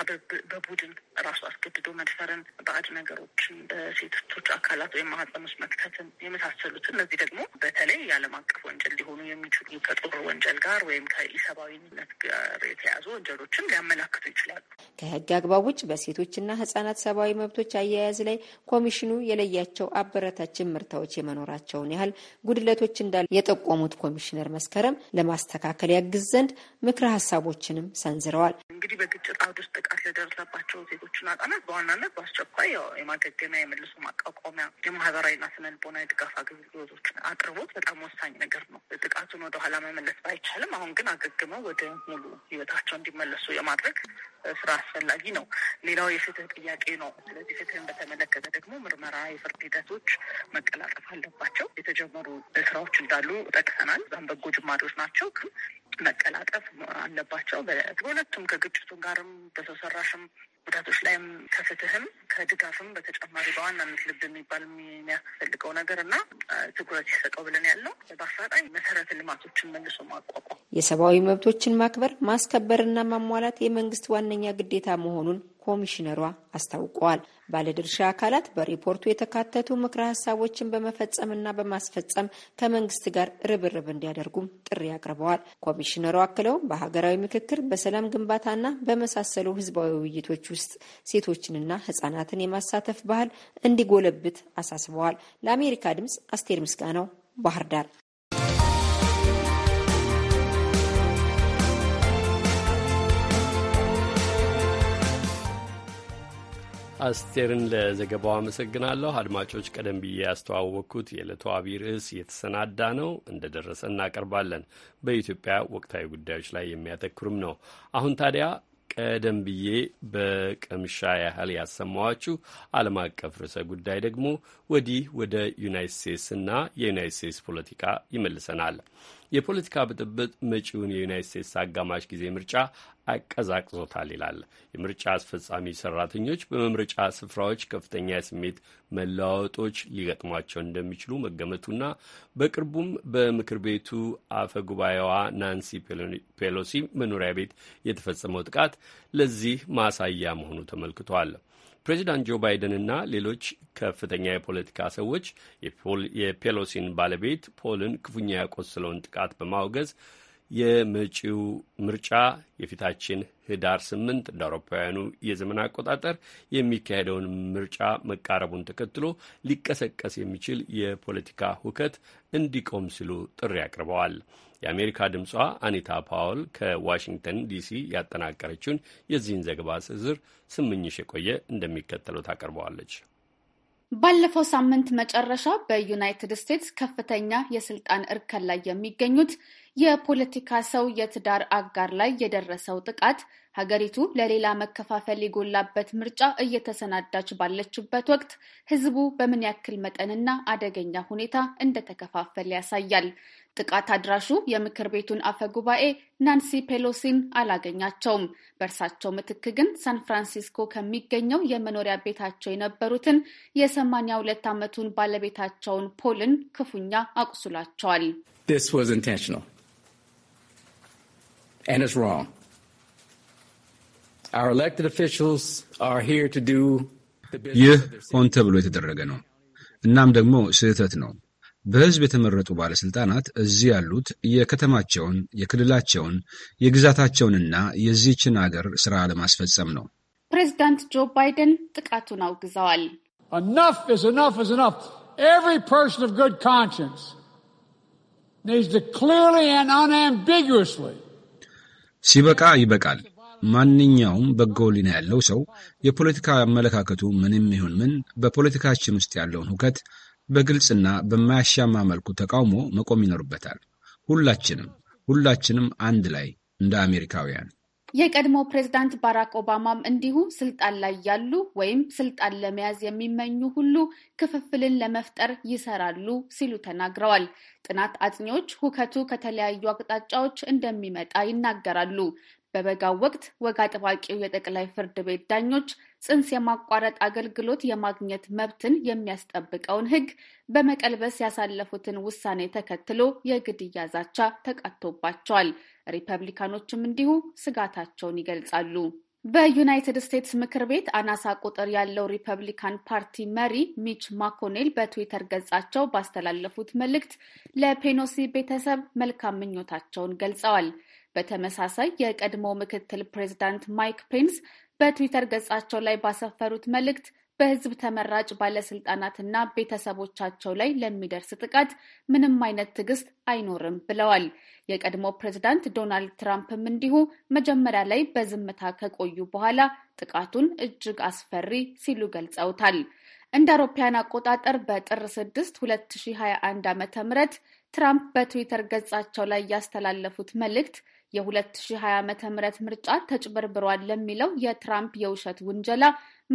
Speaker 4: በቡድን ራሱ አስገድዶ መድፈርን፣ ባዕድ ነገሮችን በሴቶች አካላት ወይም ማህፀን ውስጥ መክተትን የመሳሰሉትን እነዚህ ደግሞ በተለይ የዓለም አቀፍ ወንጀል ሊሆኑ የሚችሉ ከጦር ወንጀል ጋር ወይም ከኢሰብአዊነት ጋር የተያዙ ወንጀሎችን ሊያመላክቱ ይችላሉ።
Speaker 10: ከህግ አግባብ ውጭ በሴቶችና ህጻናት ሰብአዊ መብቶች አያያዝ ላይ ኮሚሽኑ የለያቸው አበረታች ምርታዎች የመኖራቸውን ያህል ጉድለቶች እንዳሉ የጠቆሙት ኮሚሽነር መስከረም ለማስተካከል ያግዝ ዘንድ ምክረ ሀሳቦችንም ሰንዝረዋል። እንግዲህ በግጭት አውድ ውስጥ ጥቃት ለደረሰባቸው
Speaker 4: ዜጎችና ህጻናት በዋናነት በአስቸኳይ የማገገሚያ የመልሶ ማቋቋሚያ የማህበራዊና ስነ ልቦና የድጋፍ አገልግሎቶች አቅርቦት በጣም ወሳኝ ነገር ነው። ጥቃቱን ወደኋላ መመለስ ባይቻልም፣ አሁን ግን አገግመው ወደ ሙሉ ህይወታቸው እንዲመለሱ የማድረግ ስራ አስፈላጊ ነው። ሌላው የፍትህ ጥያቄ ነው። ስለዚህ ፍትህን በተመለከተ ደግሞ ምርመራ፣ የፍርድ ሂደቶች መቀላጠፍ አለባቸው። የተጀመሩ ስራዎች እንዳሉ ጠቅሰናል። ዛም በጎ ጅማሬዎች ናቸው ግን መቀላጠፍ አለባቸው። በሁለቱም ከግጭቱ ጋርም በሰው ሰራሽም ጉዳቶች ላይም ከፍትህም ከድጋፍም በተጨማሪ በዋናነት ልብ የሚባል የሚያስፈልገው ነገር እና ትኩረት ይሰጠው ብለን ያለው በአፋጣኝ መሰረተ ልማቶችን መልሶ ማቋቋም፣
Speaker 10: የሰብአዊ መብቶችን ማክበር ማስከበርና ማሟላት የመንግስት ዋነኛ ግዴታ መሆኑን ኮሚሽነሯ አስታውቀዋል። ባለድርሻ አካላት በሪፖርቱ የተካተቱ ምክረ ሀሳቦችን በመፈጸምና በማስፈጸም ከመንግስት ጋር ርብርብ እንዲያደርጉም ጥሪ አቅርበዋል። ኮሚሽነሩ አክለውም በሀገራዊ ምክክር፣ በሰላም ግንባታና በመሳሰሉ ህዝባዊ ውይይቶች ውስጥ ሴቶችንና ህጻናትን የማሳተፍ ባህል እንዲጎለብት አሳስበዋል። ለአሜሪካ ድምጽ አስቴር ምስጋናው ባህር ዳር
Speaker 2: አስቴርን ለዘገባው አመሰግናለሁ። አድማጮች፣ ቀደም ብዬ ያስተዋወቅኩት የዕለቱ ርዕስ የተሰናዳ ነው፣ እንደደረሰ እናቀርባለን። በኢትዮጵያ ወቅታዊ ጉዳዮች ላይ የሚያተኩርም ነው። አሁን ታዲያ ቀደም ብዬ በቅምሻ ያህል ያሰማዋችሁ ዓለም አቀፍ ርዕሰ ጉዳይ ደግሞ ወዲህ ወደ ዩናይት ስቴትስና የዩናይት ስቴትስ ፖለቲካ ይመልሰናል። የፖለቲካ ብጥብጥ መጪውን የዩናይት ስቴትስ አጋማሽ ጊዜ ምርጫ አቀዛቅዞታል ይላል። የምርጫ አስፈጻሚ ሰራተኞች በመምረጫ ስፍራዎች ከፍተኛ የስሜት መለዋወጦች ሊገጥሟቸው እንደሚችሉ መገመቱና በቅርቡም በምክር ቤቱ አፈ ጉባኤዋ ናንሲ ፔሎሲ መኖሪያ ቤት የተፈጸመው ጥቃት ለዚህ ማሳያ መሆኑ ተመልክቷል። ፕሬዚዳንት ጆ ባይደንና ሌሎች ከፍተኛ የፖለቲካ ሰዎች የፔሎሲን ባለቤት ፖልን ክፉኛ ያቆስለውን ጥቃት በማውገዝ የመጪው ምርጫ የፊታችን ህዳር ስምንት እንደ አውሮፓውያኑ የዘመን አቆጣጠር የሚካሄደውን ምርጫ መቃረቡን ተከትሎ ሊቀሰቀስ የሚችል የፖለቲካ ሁከት እንዲቆም ሲሉ ጥሪ አቅርበዋል። የአሜሪካ ድምጿ አኒታ ፓውል ከዋሽንግተን ዲሲ ያጠናቀረችውን የዚህን ዘገባ ዝርዝር ስምኝሽ የቆየ እንደሚከተለው ታቀርበዋለች።
Speaker 11: ባለፈው ሳምንት መጨረሻ በዩናይትድ ስቴትስ ከፍተኛ የስልጣን እርከን ላይ የሚገኙት የፖለቲካ ሰው የትዳር አጋር ላይ የደረሰው ጥቃት ሀገሪቱ ለሌላ መከፋፈል የጎላበት ምርጫ እየተሰናዳች ባለችበት ወቅት ህዝቡ በምን ያክል መጠንና አደገኛ ሁኔታ እንደተከፋፈለ ያሳያል። ጥቃት አድራሹ የምክር ቤቱን አፈ ጉባኤ ናንሲ ፔሎሲን አላገኛቸውም። በእርሳቸው ምትክ ግን ሳን ፍራንሲስኮ ከሚገኘው የመኖሪያ ቤታቸው የነበሩትን የሰማንያ ሁለት ዓመቱን ባለቤታቸውን ፖልን ክፉኛ አቁስሏቸዋል።
Speaker 5: ይህ
Speaker 9: ሆን ተብሎ የተደረገ ነው፣ እናም ደግሞ ስህተት ነው። በህዝብ የተመረጡ ባለሥልጣናት እዚህ ያሉት የከተማቸውን፣ የክልላቸውን፣ የግዛታቸውንና የዚህችን አገር ስራ ለማስፈጸም ነው።
Speaker 11: ፕሬዚዳንት ጆ ባይደን ጥቃቱን አውግዘዋል።
Speaker 9: ሲበቃ ይበቃል። ማንኛውም በጎ ሊና ያለው ሰው የፖለቲካ አመለካከቱ ምንም ይሁን ምን በፖለቲካችን ውስጥ ያለውን ሁከት በግልጽና በማያሻማ መልኩ ተቃውሞ መቆም ይኖርበታል። ሁላችንም ሁላችንም አንድ ላይ እንደ አሜሪካውያን
Speaker 11: የቀድሞ ፕሬዚዳንት ባራክ ኦባማም እንዲሁ ስልጣን ላይ ያሉ ወይም ስልጣን ለመያዝ የሚመኙ ሁሉ ክፍፍልን ለመፍጠር ይሰራሉ ሲሉ ተናግረዋል። ጥናት አጥኚዎች ሁከቱ ከተለያዩ አቅጣጫዎች እንደሚመጣ ይናገራሉ። በበጋው ወቅት ወግ አጥባቂው የጠቅላይ ፍርድ ቤት ዳኞች ጽንስ የማቋረጥ አገልግሎት የማግኘት መብትን የሚያስጠብቀውን ሕግ በመቀልበስ ያሳለፉትን ውሳኔ ተከትሎ የግድያ ዛቻ ተቃቶባቸዋል። ሪፐብሊካኖችም እንዲሁ ስጋታቸውን ይገልጻሉ። በዩናይትድ ስቴትስ ምክር ቤት አናሳ ቁጥር ያለው ሪፐብሊካን ፓርቲ መሪ ሚች ማኮኔል በትዊተር ገጻቸው ባስተላለፉት መልእክት ለፔኖሲ ቤተሰብ መልካም ምኞታቸውን ገልጸዋል። በተመሳሳይ የቀድሞ ምክትል ፕሬዚዳንት ማይክ ፔንስ በትዊተር ገጻቸው ላይ ባሰፈሩት መልእክት በህዝብ ተመራጭ ባለስልጣናትና ቤተሰቦቻቸው ላይ ለሚደርስ ጥቃት ምንም አይነት ትዕግስት አይኖርም ብለዋል። የቀድሞ ፕሬዝዳንት ዶናልድ ትራምፕም እንዲሁ መጀመሪያ ላይ በዝምታ ከቆዩ በኋላ ጥቃቱን እጅግ አስፈሪ ሲሉ ገልጸውታል። እንደ አውሮፓውያን አቆጣጠር በጥር 6 2021 ዓ ም ትራምፕ በትዊተር ገጻቸው ላይ ያስተላለፉት መልእክት የ2020 ዓ ም ምርጫ ተጭበርብሯል ለሚለው የትራምፕ የውሸት ውንጀላ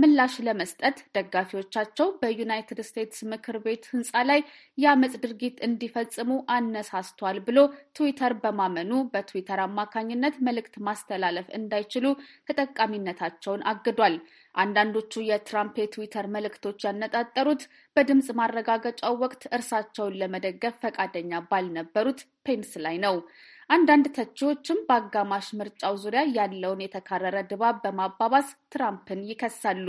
Speaker 11: ምላሽ ለመስጠት ደጋፊዎቻቸው በዩናይትድ ስቴትስ ምክር ቤት ህንፃ ላይ የአመፅ ድርጊት እንዲፈጽሙ አነሳስቷል ብሎ ትዊተር በማመኑ በትዊተር አማካኝነት መልእክት ማስተላለፍ እንዳይችሉ ተጠቃሚነታቸውን አግዷል። አንዳንዶቹ የትራምፕ የትዊተር መልእክቶች ያነጣጠሩት በድምፅ ማረጋገጫው ወቅት እርሳቸውን ለመደገፍ ፈቃደኛ ባልነበሩት ፔንስ ላይ ነው። አንዳንድ ተቺዎችም በአጋማሽ ምርጫው ዙሪያ ያለውን የተካረረ ድባብ በማባባስ ትራምፕን ይከሳሉ።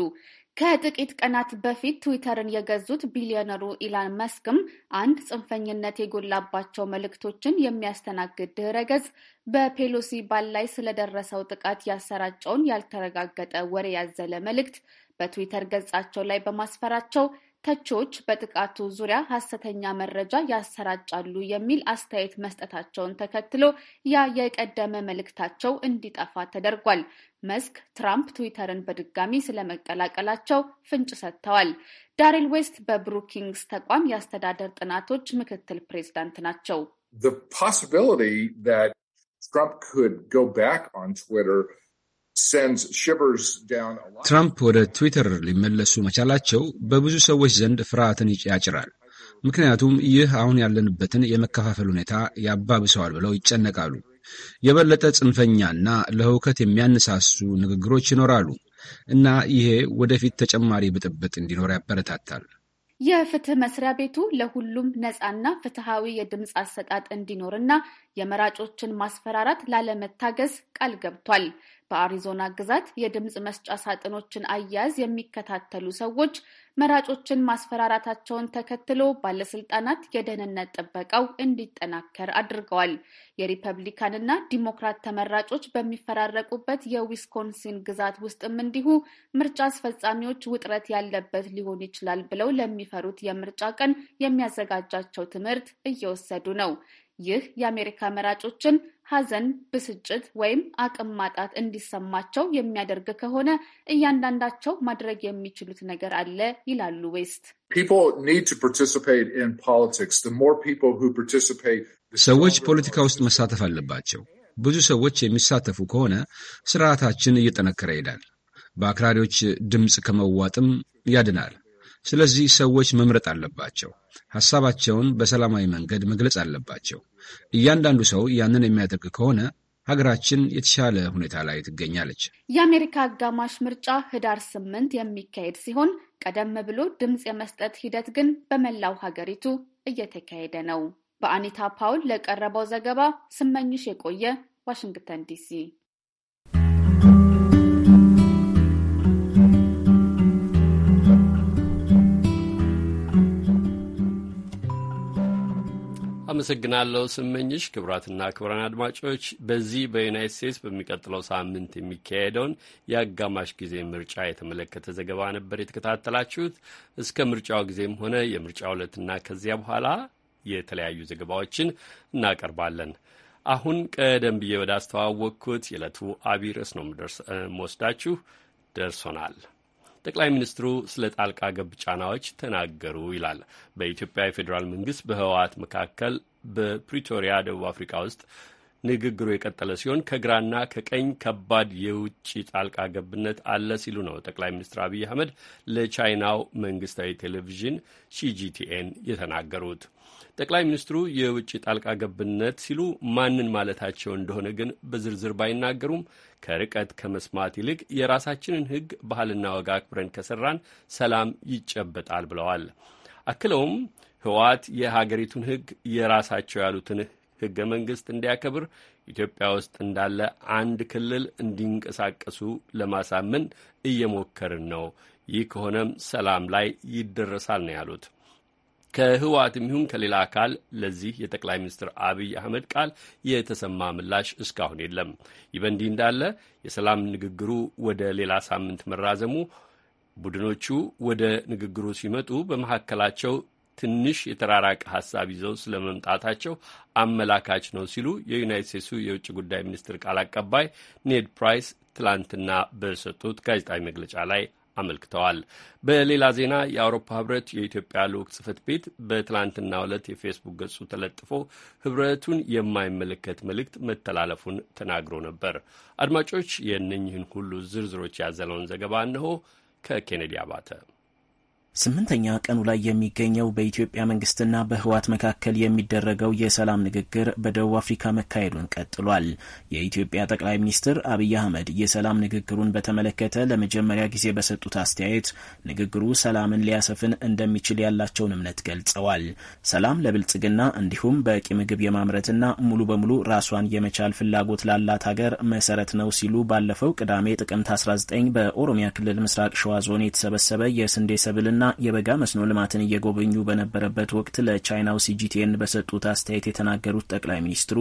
Speaker 11: ከጥቂት ቀናት በፊት ትዊተርን የገዙት ቢሊዮነሩ ኢላን መስክም አንድ ጽንፈኝነት የጎላባቸው መልእክቶችን የሚያስተናግድ ድህረ ገጽ በፔሎሲ ባል ላይ ስለደረሰው ጥቃት ያሰራጨውን ያልተረጋገጠ ወሬ ያዘለ መልእክት በትዊተር ገጻቸው ላይ በማስፈራቸው ተቺዎች በጥቃቱ ዙሪያ ሀሰተኛ መረጃ ያሰራጫሉ የሚል አስተያየት መስጠታቸውን ተከትሎ ያ የቀደመ መልእክታቸው እንዲጠፋ ተደርጓል። መስክ ትራምፕ ትዊተርን በድጋሚ ስለመቀላቀላቸው ፍንጭ ሰጥተዋል። ዳሪል ዌስት በብሩኪንግስ ተቋም የአስተዳደር ጥናቶች ምክትል ፕሬዝዳንት ናቸው።
Speaker 9: ትራምፕ ወደ ትዊተር ሊመለሱ መቻላቸው በብዙ ሰዎች ዘንድ ፍርሃትን ያጭራል። ምክንያቱም ይህ አሁን ያለንበትን የመከፋፈል ሁኔታ ያባብሰዋል ብለው ይጨነቃሉ። የበለጠ ጽንፈኛና ለህውከት የሚያነሳሱ ንግግሮች ይኖራሉ እና ይሄ ወደፊት ተጨማሪ ብጥብጥ እንዲኖር ያበረታታል።
Speaker 11: የፍትህ መስሪያ ቤቱ ለሁሉም ነፃና ፍትሐዊ የድምፅ አሰጣጥ እንዲኖርና የመራጮችን ማስፈራራት ላለመታገዝ ቃል ገብቷል። በአሪዞና ግዛት የድምፅ መስጫ ሳጥኖችን አያያዝ የሚከታተሉ ሰዎች መራጮችን ማስፈራራታቸውን ተከትሎ ባለስልጣናት የደህንነት ጥበቃው እንዲጠናከር አድርገዋል። የሪፐብሊካንና ዲሞክራት ተመራጮች በሚፈራረቁበት የዊስኮንሲን ግዛት ውስጥም እንዲሁ ምርጫ አስፈጻሚዎች ውጥረት ያለበት ሊሆን ይችላል ብለው ለሚፈሩት የምርጫ ቀን የሚያዘጋጃቸው ትምህርት እየወሰዱ ነው። ይህ የአሜሪካ መራጮችን ሐዘን፣ ብስጭት ወይም አቅም ማጣት እንዲሰማቸው የሚያደርግ ከሆነ እያንዳንዳቸው ማድረግ የሚችሉት ነገር አለ ይላሉ ዌስት።
Speaker 12: people need to
Speaker 9: ሰዎች ፖለቲካ ውስጥ መሳተፍ አለባቸው። ብዙ ሰዎች የሚሳተፉ ከሆነ ስርዓታችን እየጠነከረ ይሄዳል። በአክራሪዎች ድምፅ ከመዋጥም ያድናል። ስለዚህ ሰዎች መምረጥ አለባቸው። ሐሳባቸውን በሰላማዊ መንገድ መግለጽ አለባቸው። እያንዳንዱ ሰው ያንን የሚያደርግ ከሆነ ሀገራችን የተሻለ ሁኔታ ላይ ትገኛለች።
Speaker 11: የአሜሪካ አጋማሽ ምርጫ ህዳር ስምንት የሚካሄድ ሲሆን ቀደም ብሎ ድምፅ የመስጠት ሂደት ግን በመላው ሀገሪቱ እየተካሄደ ነው። በአኒታ ፓውል ለቀረበው ዘገባ ስመኝሽ የቆየ ዋሽንግተን ዲሲ
Speaker 2: አመሰግናለሁ ስመኝሽ። ክቡራትና ክቡራን አድማጮች በዚህ በዩናይት ስቴትስ በሚቀጥለው ሳምንት የሚካሄደውን የአጋማሽ ጊዜ ምርጫ የተመለከተ ዘገባ ነበር የተከታተላችሁት። እስከ ምርጫው ጊዜም ሆነ የምርጫ ዕለትና ከዚያ በኋላ የተለያዩ ዘገባዎችን እናቀርባለን። አሁን ቀደም ብዬ ወዳስተዋወቅኩት የዕለቱ አቢይ ርዕስ ነው ወስዳችሁ ደርሶናል። ጠቅላይ ሚኒስትሩ ስለ ጣልቃ ገብ ጫናዎች ተናገሩ ይላል። በኢትዮጵያ የፌዴራል መንግስት በህወሓት መካከል በፕሪቶሪያ ደቡብ አፍሪካ ውስጥ ንግግሩ የቀጠለ ሲሆን ከግራና ከቀኝ ከባድ የውጭ ጣልቃ ገብነት አለ ሲሉ ነው ጠቅላይ ሚኒስትር አብይ አህመድ ለቻይናው መንግስታዊ ቴሌቪዥን ሺጂቲኤን የተናገሩት። ጠቅላይ ሚኒስትሩ የውጭ ጣልቃ ገብነት ሲሉ ማንን ማለታቸው እንደሆነ ግን በዝርዝር ባይናገሩም ከርቀት ከመስማት ይልቅ የራሳችንን ሕግ ባህልና ወግ አክብረን ከሰራን ሰላም ይጨበጣል ብለዋል። አክለውም ህወሓት የሀገሪቱን ሕግ የራሳቸው ያሉትን ሕገ መንግስት እንዲያከብር ኢትዮጵያ ውስጥ እንዳለ አንድ ክልል እንዲንቀሳቀሱ ለማሳመን እየሞከርን ነው። ይህ ከሆነም ሰላም ላይ ይደረሳል ነው ያሉት። ከህወሓትም ይሁን ከሌላ አካል ለዚህ የጠቅላይ ሚኒስትር አብይ አህመድ ቃል የተሰማ ምላሽ እስካሁን የለም። ይህ በእንዲህ እንዳለ የሰላም ንግግሩ ወደ ሌላ ሳምንት መራዘሙ ቡድኖቹ ወደ ንግግሩ ሲመጡ በመካከላቸው ትንሽ የተራራቀ ሀሳብ ይዘው ስለመምጣታቸው አመላካች ነው ሲሉ የዩናይት ስቴትሱ የውጭ ጉዳይ ሚኒስትር ቃል አቀባይ ኔድ ፕራይስ ትላንትና በሰጡት ጋዜጣዊ መግለጫ ላይ አመልክተዋል። በሌላ ዜና የአውሮፓ ህብረት የኢትዮጵያ ልዑክ ጽህፈት ቤት በትላንትናው ዕለት የፌስቡክ ገጹ ተለጥፎ ህብረቱን የማይመለከት መልእክት መተላለፉን ተናግሮ ነበር። አድማጮች የእነኝህን ሁሉ ዝርዝሮች ያዘለውን ዘገባ እንሆ ከኬኔዲ
Speaker 12: አባተ ስምንተኛ ቀኑ ላይ የሚገኘው በኢትዮጵያ መንግስትና በህወሓት መካከል የሚደረገው የሰላም ንግግር በደቡብ አፍሪካ መካሄዱን ቀጥሏል። የኢትዮጵያ ጠቅላይ ሚኒስትር አብይ አህመድ የሰላም ንግግሩን በተመለከተ ለመጀመሪያ ጊዜ በሰጡት አስተያየት ንግግሩ ሰላምን ሊያሰፍን እንደሚችል ያላቸውን እምነት ገልጸዋል። ሰላም ለብልጽግና እንዲሁም በቂ ምግብ የማምረትና ሙሉ በሙሉ ራሷን የመቻል ፍላጎት ላላት ሀገር መሰረት ነው ሲሉ ባለፈው ቅዳሜ ጥቅምት 19 በኦሮሚያ ክልል ምስራቅ ሸዋ ዞን የተሰበሰበ የስንዴ ሰብልና ና የበጋ መስኖ ልማትን እየጎበኙ በነበረበት ወቅት ለቻይናው ሲጂቲኤን በሰጡት አስተያየት የተናገሩት ጠቅላይ ሚኒስትሩ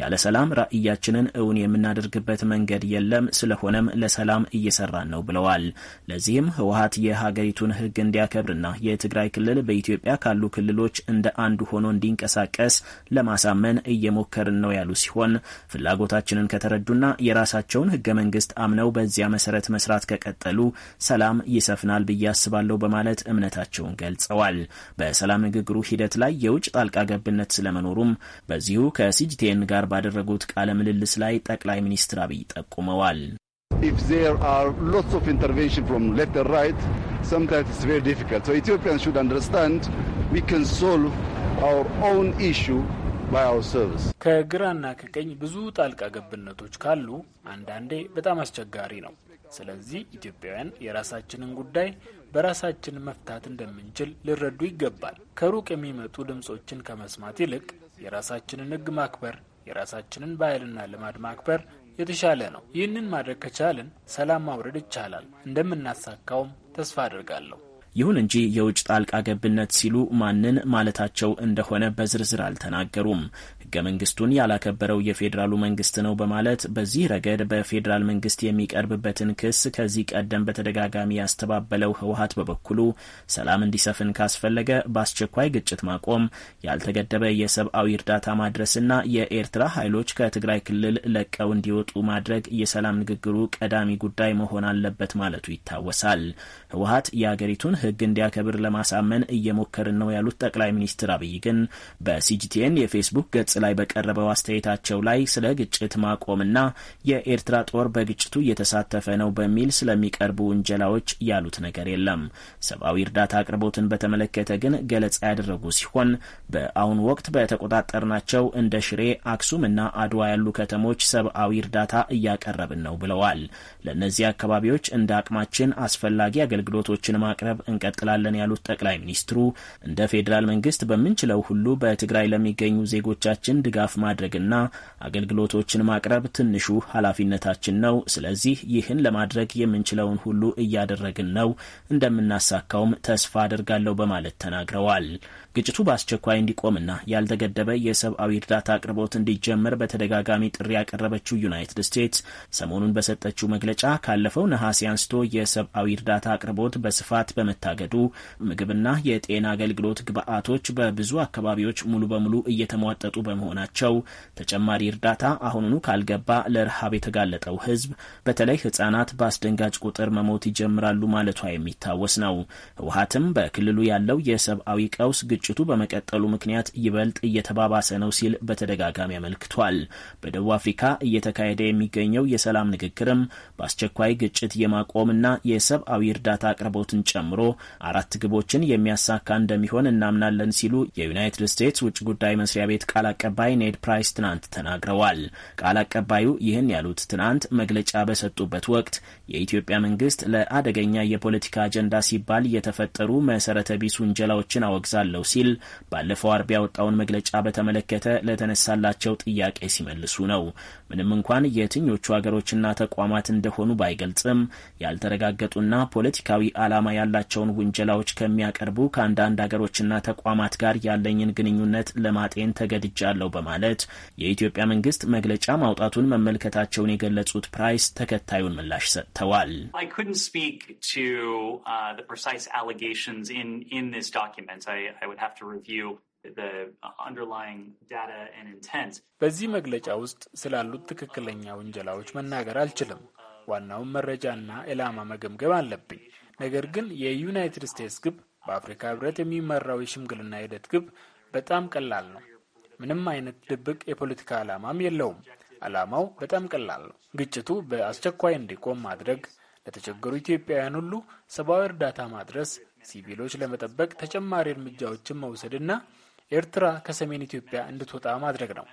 Speaker 12: ያለ ሰላም ራዕያችንን እውን የምናደርግበት መንገድ የለም፣ ስለሆነም ለሰላም እየሰራን ነው ብለዋል። ለዚህም ህወሀት የሀገሪቱን ህግ እንዲያከብርና የትግራይ ክልል በኢትዮጵያ ካሉ ክልሎች እንደ አንዱ ሆኖ እንዲንቀሳቀስ ለማሳመን እየሞከርን ነው ያሉ ሲሆን ፍላጎታችንን ከተረዱና የራሳቸውን ህገ መንግስት አምነው በዚያ መሰረት መስራት ከቀጠሉ ሰላም ይሰፍናል ብዬ አስባለሁ በማለት በማለት እምነታቸውን ገልጸዋል። በሰላም ንግግሩ ሂደት ላይ የውጭ ጣልቃ ገብነት ስለመኖሩም በዚሁ ከሲጂቲኤን ጋር ባደረጉት ቃለ ምልልስ ላይ ጠቅላይ ሚኒስትር አብይ ጠቁመዋል።
Speaker 1: ከግራና ከቀኝ ብዙ ጣልቃ ገብነቶች ካሉ አንዳንዴ በጣም አስቸጋሪ ነው። ስለዚህ ኢትዮጵያውያን የራሳችንን ጉዳይ በራሳችን መፍታት እንደምንችል ሊረዱ ይገባል። ከሩቅ የሚመጡ ድምጾችን ከመስማት ይልቅ የራሳችንን ሕግ ማክበር፣ የራሳችንን ባህልና ልማድ ማክበር የተሻለ ነው። ይህንን ማድረግ ከቻልን ሰላም ማውረድ ይቻላል። እንደምናሳካውም ተስፋ አድርጋለሁ።
Speaker 12: ይሁን እንጂ የውጭ ጣልቃ ገብነት ሲሉ ማንን ማለታቸው እንደሆነ በዝርዝር አልተናገሩም። ህገ መንግስቱን ያላከበረው የፌዴራሉ መንግስት ነው በማለት በዚህ ረገድ በፌዴራል መንግስት የሚቀርብበትን ክስ ከዚህ ቀደም በተደጋጋሚ ያስተባበለው ህወሀት በበኩሉ ሰላም እንዲሰፍን ካስፈለገ በአስቸኳይ ግጭት ማቆም፣ ያልተገደበ የሰብአዊ እርዳታ ማድረስና የኤርትራ ኃይሎች ከትግራይ ክልል ለቀው እንዲወጡ ማድረግ የሰላም ንግግሩ ቀዳሚ ጉዳይ መሆን አለበት ማለቱ ይታወሳል። ህወሀት የአገሪቱን ህግ እንዲያከብር ለማሳመን እየሞከርን ነው ያሉት ጠቅላይ ሚኒስትር አብይ ግን በሲጂቲኤን የፌስቡክ ገጽ ላይ በቀረበው አስተያየታቸው ላይ ስለ ግጭት ማቆምና የኤርትራ ጦር በግጭቱ እየተሳተፈ ነው በሚል ስለሚቀርቡ ውንጀላዎች ያሉት ነገር የለም። ሰብአዊ እርዳታ አቅርቦትን በተመለከተ ግን ገለጻ ያደረጉ ሲሆን በአሁኑ ወቅት በተቆጣጠርናቸው እንደ ሽሬ፣ አክሱም እና አድዋ ያሉ ከተሞች ሰብአዊ እርዳታ እያቀረብን ነው ብለዋል። ለእነዚህ አካባቢዎች እንደ አቅማችን አስፈላጊ አገልግሎቶችን ማቅረብ እንቀጥላለን ያሉት ጠቅላይ ሚኒስትሩ እንደ ፌዴራል መንግስት በምንችለው ሁሉ በትግራይ ለሚገኙ ዜጎቻችን ሰዎችን ድጋፍ ማድረግና አገልግሎቶችን ማቅረብ ትንሹ ኃላፊነታችን ነው። ስለዚህ ይህን ለማድረግ የምንችለውን ሁሉ እያደረግን ነው፣ እንደምናሳካውም ተስፋ አድርጋለሁ በማለት ተናግረዋል። ግጭቱ በአስቸኳይ እንዲቆምና ያልተገደበ የሰብአዊ እርዳታ አቅርቦት እንዲጀመር በተደጋጋሚ ጥሪ ያቀረበችው ዩናይትድ ስቴትስ ሰሞኑን በሰጠችው መግለጫ ካለፈው ነሐሴ አንስቶ የሰብአዊ እርዳታ አቅርቦት በስፋት በመታገዱ ምግብና የጤና አገልግሎት ግብዓቶች በብዙ አካባቢዎች ሙሉ በሙሉ እየተሟጠጡ በ በመሆናቸው ተጨማሪ እርዳታ አሁኑኑ ካልገባ ለረሃብ የተጋለጠው ህዝብ በተለይ ህጻናት በአስደንጋጭ ቁጥር መሞት ይጀምራሉ ማለቷ የሚታወስ ነው። ህወሀትም በክልሉ ያለው የሰብአዊ ቀውስ ግጭቱ በመቀጠሉ ምክንያት ይበልጥ እየተባባሰ ነው ሲል በተደጋጋሚ አመልክቷል። በደቡብ አፍሪካ እየተካሄደ የሚገኘው የሰላም ንግግርም በአስቸኳይ ግጭት የማቆምና የሰብአዊ እርዳታ አቅርቦትን ጨምሮ አራት ግቦችን የሚያሳካ እንደሚሆን እናምናለን ሲሉ የዩናይትድ ስቴትስ ውጭ ጉዳይ መስሪያ ቤት ቃል አቀባይ ኔድ ፕራይስ ትናንት ተናግረዋል። ቃል አቀባዩ ይህን ያሉት ትናንት መግለጫ በሰጡበት ወቅት የኢትዮጵያ መንግስት ለአደገኛ የፖለቲካ አጀንዳ ሲባል የተፈጠሩ መሰረተ ቢስ ውንጀላዎችን አወግዛለሁ ሲል ባለፈው አርብ ያወጣውን መግለጫ በተመለከተ ለተነሳላቸው ጥያቄ ሲመልሱ ነው። ምንም እንኳን የትኞቹ ሀገሮችና ተቋማት እንደሆኑ ባይገልጽም ያልተረጋገጡና ፖለቲካዊ ዓላማ ያላቸውን ውንጀላዎች ከሚያቀርቡ ከአንዳንድ ሀገሮችና ተቋማት ጋር ያለኝን ግንኙነት ለማጤን ተገድጃለሁ አለው በማለት የኢትዮጵያ መንግስት መግለጫ ማውጣቱን መመልከታቸውን የገለጹት ፕራይስ ተከታዩን ምላሽ ሰጥተዋል።
Speaker 4: uh,
Speaker 1: በዚህ መግለጫ ውስጥ ስላሉት ትክክለኛ ውንጀላዎች መናገር አልችልም። ዋናውን መረጃና ኢላማ መገምገም አለብኝ። ነገር ግን የዩናይትድ ስቴትስ ግብ በአፍሪካ ህብረት የሚመራው የሽምግልና ሂደት ግብ በጣም ቀላል ነው። ምንም አይነት ድብቅ የፖለቲካ ዓላማም የለውም። ዓላማው በጣም ቀላል ነው። ግጭቱ በአስቸኳይ እንዲቆም ማድረግ፣ ለተቸገሩ ኢትዮጵያውያን ሁሉ ሰብአዊ እርዳታ ማድረስ፣ ሲቪሎች ለመጠበቅ ተጨማሪ እርምጃዎችን መውሰድና ኤርትራ ከሰሜን ኢትዮጵያ እንድትወጣ ማድረግ ነው።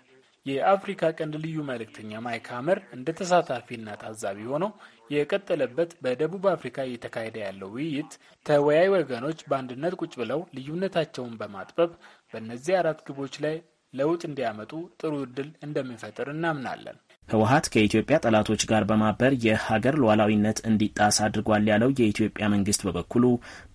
Speaker 1: የአፍሪካ ቀንድ ልዩ መልእክተኛ ማይክ ሀመር እንደ ተሳታፊና ታዛቢ ሆነው የቀጠለበት በደቡብ አፍሪካ እየተካሄደ ያለው ውይይት ተወያይ ወገኖች በአንድነት ቁጭ ብለው ልዩነታቸውን በማጥበብ በእነዚህ አራት ግቦች ላይ ለውጥ እንዲያመጡ ጥሩ እድል እንደሚፈጥር እናምናለን።
Speaker 12: ህወሀት ከኢትዮጵያ ጠላቶች ጋር በማበር የሀገር ሉዓላዊነት እንዲጣስ አድርጓል ያለው የኢትዮጵያ መንግስት በበኩሉ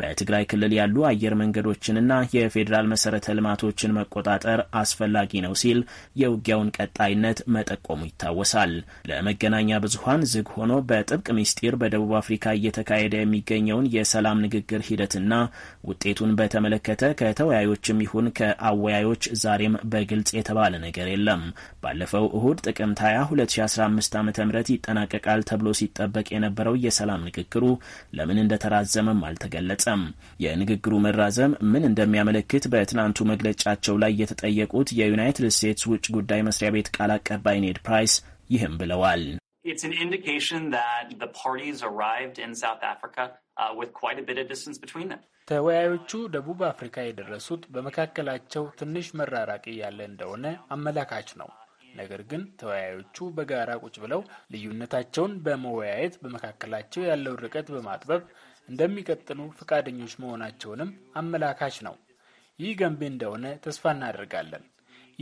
Speaker 12: በትግራይ ክልል ያሉ አየር መንገዶችንና የፌዴራል መሰረተ ልማቶችን መቆጣጠር አስፈላጊ ነው ሲል የውጊያውን ቀጣይነት መጠቆሙ ይታወሳል። ለመገናኛ ብዙሀን ዝግ ሆኖ በጥብቅ ምስጢር በደቡብ አፍሪካ እየተካሄደ የሚገኘውን የሰላም ንግግር ሂደትና ውጤቱን በተመለከተ ከተወያዮችም ይሁን ከአወያዮች ዛሬም በግልጽ የተባለ ነገር የለም። ባለፈው እሁድ ጥቅምት 22 2015 ዓ ም ይጠናቀቃል ተብሎ ሲጠበቅ የነበረው የሰላም ንግግሩ ለምን እንደተራዘመም አልተገለጸም። የንግግሩ መራዘም ምን እንደሚያመለክት በትናንቱ መግለጫቸው ላይ የተጠየቁት የዩናይትድ ስቴትስ ውጭ ጉዳይ መስሪያ ቤት ቃል አቀባይ ኔድ ፕራይስ ይህም ብለዋል።
Speaker 4: It's an indication that the parties arrived in South Africa uh, with quite a bit
Speaker 1: of distance between them. ተወያዮቹ ደቡብ አፍሪካ የደረሱት በመካከላቸው ትንሽ መራራቅ ያለ እንደሆነ አመላካች ነው። ነገር ግን ተወያዮቹ በጋራ ቁጭ ብለው ልዩነታቸውን በመወያየት በመካከላቸው ያለውን ርቀት በማጥበብ እንደሚቀጥሉ ፈቃደኞች መሆናቸውንም አመላካች ነው። ይህ ገንቢ እንደሆነ ተስፋ እናደርጋለን።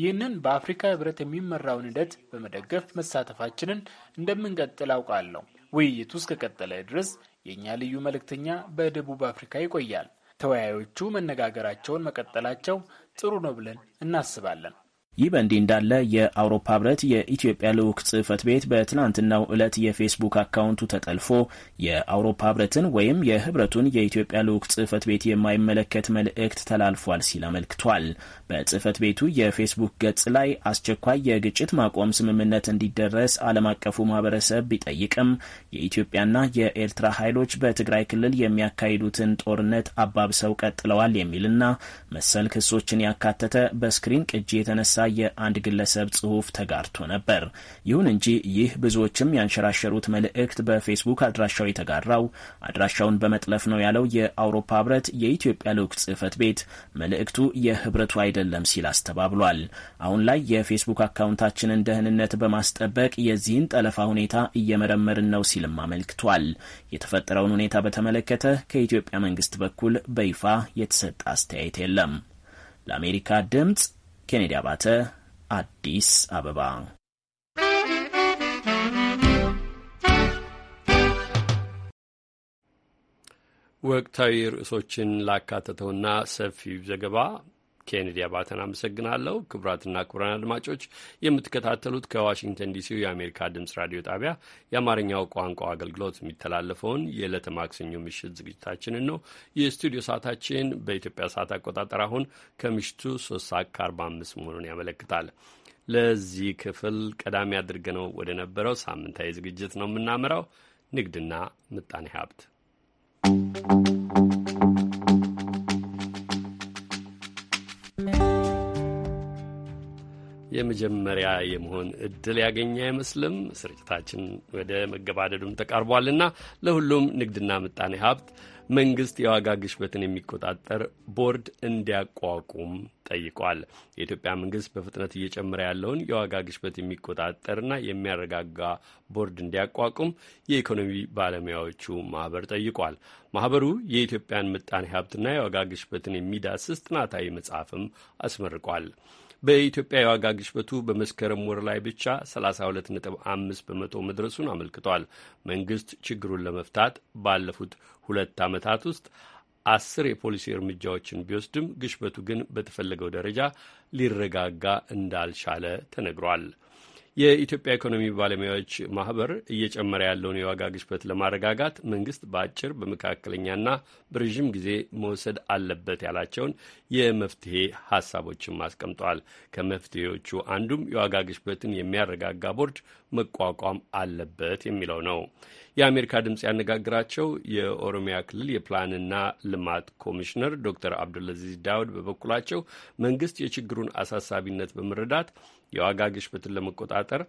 Speaker 1: ይህንን በአፍሪካ ህብረት የሚመራውን ሂደት በመደገፍ መሳተፋችንን እንደምንቀጥል አውቃለሁ። ውይይቱ እስከቀጠለ ድረስ የእኛ ልዩ መልእክተኛ በደቡብ አፍሪካ ይቆያል። ተወያዮቹ መነጋገራቸውን መቀጠላቸው ጥሩ ነው ብለን እናስባለን።
Speaker 12: ይህ በእንዲህ እንዳለ የአውሮፓ ህብረት የኢትዮጵያ ልዑክ ጽህፈት ቤት በትናንትናው ዕለት የፌስቡክ አካውንቱ ተጠልፎ የአውሮፓ ህብረትን ወይም የህብረቱን የኢትዮጵያ ልዑክ ጽህፈት ቤት የማይመለከት መልእክት ተላልፏል ሲል አመልክቷል። በጽህፈት ቤቱ የፌስቡክ ገጽ ላይ አስቸኳይ የግጭት ማቆም ስምምነት እንዲደረስ ዓለም አቀፉ ማህበረሰብ ቢጠይቅም የኢትዮጵያና የኤርትራ ኃይሎች በትግራይ ክልል የሚያካሂዱትን ጦርነት አባብሰው ቀጥለዋል የሚልና መሰል ክሶችን ያካተተ በስክሪን ቅጂ የተነሳ የአንድ ግለሰብ ጽሑፍ ተጋርቶ ነበር። ይሁን እንጂ ይህ ብዙዎችም ያንሸራሸሩት መልእክት በፌስቡክ አድራሻው የተጋራው አድራሻውን በመጥለፍ ነው ያለው የአውሮፓ ህብረት የኢትዮጵያ ልዑክ ጽህፈት ቤት መልእክቱ የህብረቱ አይደለም ሲል አስተባብሏል። አሁን ላይ የፌስቡክ አካውንታችንን ደህንነት በማስጠበቅ የዚህን ጠለፋ ሁኔታ እየመረመርን ነው ሲልም አመልክቷል። የተፈጠረውን ሁኔታ በተመለከተ ከኢትዮጵያ መንግስት በኩል በይፋ የተሰጠ አስተያየት የለም። ለአሜሪካ ድምፅ ኬኔዲ አባተ አዲስ አበባ።
Speaker 1: ወቅታዊ
Speaker 2: ርዕሶችን ላካተተውና ሰፊው ዘገባ ኬኔዲ አባተን አመሰግናለሁ። ክቡራትና ክቡራን አድማጮች የምትከታተሉት ከዋሽንግተን ዲሲው የአሜሪካ ድምጽ ራዲዮ ጣቢያ የአማርኛው ቋንቋ አገልግሎት የሚተላለፈውን የዕለተ ማክሰኞ ምሽት ዝግጅታችንን ነው። የስቱዲዮ ሰዓታችን በኢትዮጵያ ሰዓት አቆጣጠር አሁን ከምሽቱ ሶስት ሰዓት ከአርባ አምስት መሆኑን ያመለክታል። ለዚህ ክፍል ቀዳሚ አድርገነው ወደ ነበረው ሳምንታዊ ዝግጅት ነው የምናመራው። ንግድና ምጣኔ ሀብት የመጀመሪያ የመሆን እድል ያገኘ አይመስልም። ስርጭታችን ወደ መገባደዱም ተቃርቧልና ለሁሉም ንግድና ምጣኔ ሀብት መንግስት የዋጋ ግሽበትን የሚቆጣጠር ቦርድ እንዲያቋቁም ጠይቋል። የኢትዮጵያ መንግስት በፍጥነት እየጨመረ ያለውን የዋጋ ግሽበት የሚቆጣጠርና የሚያረጋጋ ቦርድ እንዲያቋቁም የኢኮኖሚ ባለሙያዎቹ ማህበር ጠይቋል። ማህበሩ የኢትዮጵያን ምጣኔ ሀብትና የዋጋ ግሽበትን የሚዳስስ ጥናታዊ መጽሐፍም አስመርቋል። በኢትዮጵያ የዋጋ ግሽበቱ በመስከረም ወር ላይ ብቻ 32.5 በመቶ መድረሱን አመልክቷል። መንግስት ችግሩን ለመፍታት ባለፉት ሁለት ዓመታት ውስጥ አስር የፖሊሲ እርምጃዎችን ቢወስድም ግሽበቱ ግን በተፈለገው ደረጃ ሊረጋጋ እንዳልቻለ ተነግሯል። የኢትዮጵያ ኢኮኖሚ ባለሙያዎች ማህበር እየጨመረ ያለውን የዋጋ ግሽበት ለማረጋጋት መንግስት በአጭር በመካከለኛና በረዥም ጊዜ መውሰድ አለበት ያላቸውን የመፍትሄ ሀሳቦችም አስቀምጧል። ከመፍትሄዎቹ አንዱም የዋጋ ግሽበትን የሚያረጋጋ ቦርድ መቋቋም አለበት የሚለው ነው። የአሜሪካ ድምፅ ያነጋግራቸው የኦሮሚያ ክልል የፕላንና ልማት ኮሚሽነር ዶክተር አብዱልአዚዝ ዳውድ በበኩላቸው መንግስት የችግሩን አሳሳቢነት በመረዳት የዋጋ ግሽበትን ለመቆጣጠር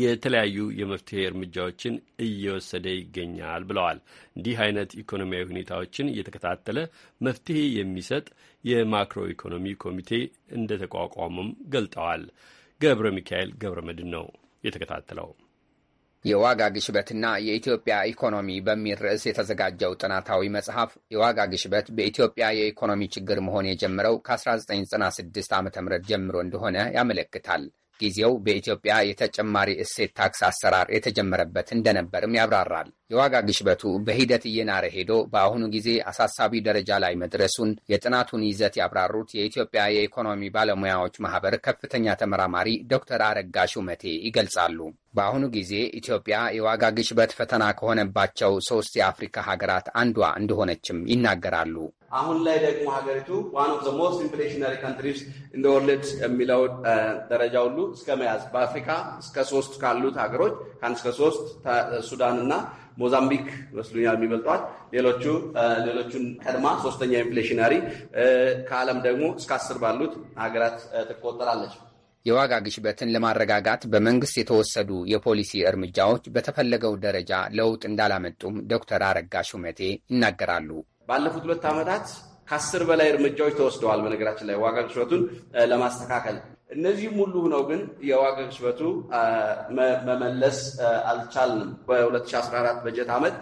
Speaker 2: የተለያዩ የመፍትሄ እርምጃዎችን እየወሰደ ይገኛል ብለዋል። እንዲህ አይነት ኢኮኖሚያዊ ሁኔታዎችን እየተከታተለ መፍትሄ የሚሰጥ የማክሮ ኢኮኖሚ ኮሚቴ
Speaker 13: እንደተቋቋሙም ገልጠዋል። ገብረ ሚካኤል ገብረ መድን ነው የተከታተለው። የዋጋ ግሽበትና የኢትዮጵያ ኢኮኖሚ በሚል ርዕስ የተዘጋጀው ጥናታዊ መጽሐፍ የዋጋ ግሽበት በኢትዮጵያ የኢኮኖሚ ችግር መሆን የጀመረው ከ1996 ዓ ም ጀምሮ እንደሆነ ያመለክታል። ጊዜው በኢትዮጵያ የተጨማሪ እሴት ታክስ አሰራር የተጀመረበት እንደነበርም ያብራራል። የዋጋ ግሽበቱ በሂደት እየናረ ሄዶ በአሁኑ ጊዜ አሳሳቢ ደረጃ ላይ መድረሱን የጥናቱን ይዘት ያብራሩት የኢትዮጵያ የኢኮኖሚ ባለሙያዎች ማህበር ከፍተኛ ተመራማሪ ዶክተር አረጋ ሹመቴ ይገልጻሉ። በአሁኑ ጊዜ ኢትዮጵያ የዋጋ ግሽበት ፈተና ከሆነባቸው ሶስት የአፍሪካ ሀገራት አንዷ እንደሆነችም ይናገራሉ።
Speaker 14: አሁን ላይ ደግሞ ሀገሪቱ ዋን ኦፍ ዘ ሞስት ኢንፍሌሽነሪ ካንትሪስ ኢን ዘ ወርልድ የሚለው ደረጃ ሁሉ እስከ መያዝ በአፍሪካ እስከ ሶስት ካሉት ሀገሮች ከአንድ እስከ ሶስት ሱዳን እና ሞዛምቢክ መስሉኛል የሚበልጧት ሌሎቹ ሌሎቹን ቀድማ ሶስተኛ ኢንፍሌሽነሪ ከዓለም ደግሞ እስከ አስር ባሉት ሀገራት ትቆጠራለች።
Speaker 13: የዋጋ ግሽበትን ለማረጋጋት በመንግስት የተወሰዱ የፖሊሲ እርምጃዎች በተፈለገው ደረጃ ለውጥ እንዳላመጡም ዶክተር አረጋ ሹመቴ ይናገራሉ።
Speaker 14: ባለፉት ሁለት ዓመታት ከአስር በላይ እርምጃዎች ተወስደዋል። በነገራችን ላይ ዋጋ ግሽበቱን ለማስተካከል እነዚህም ሁሉ ነው፣ ግን የዋጋ ግሽበቱ መመለስ አልቻልንም። በ2014 በጀት ዓመት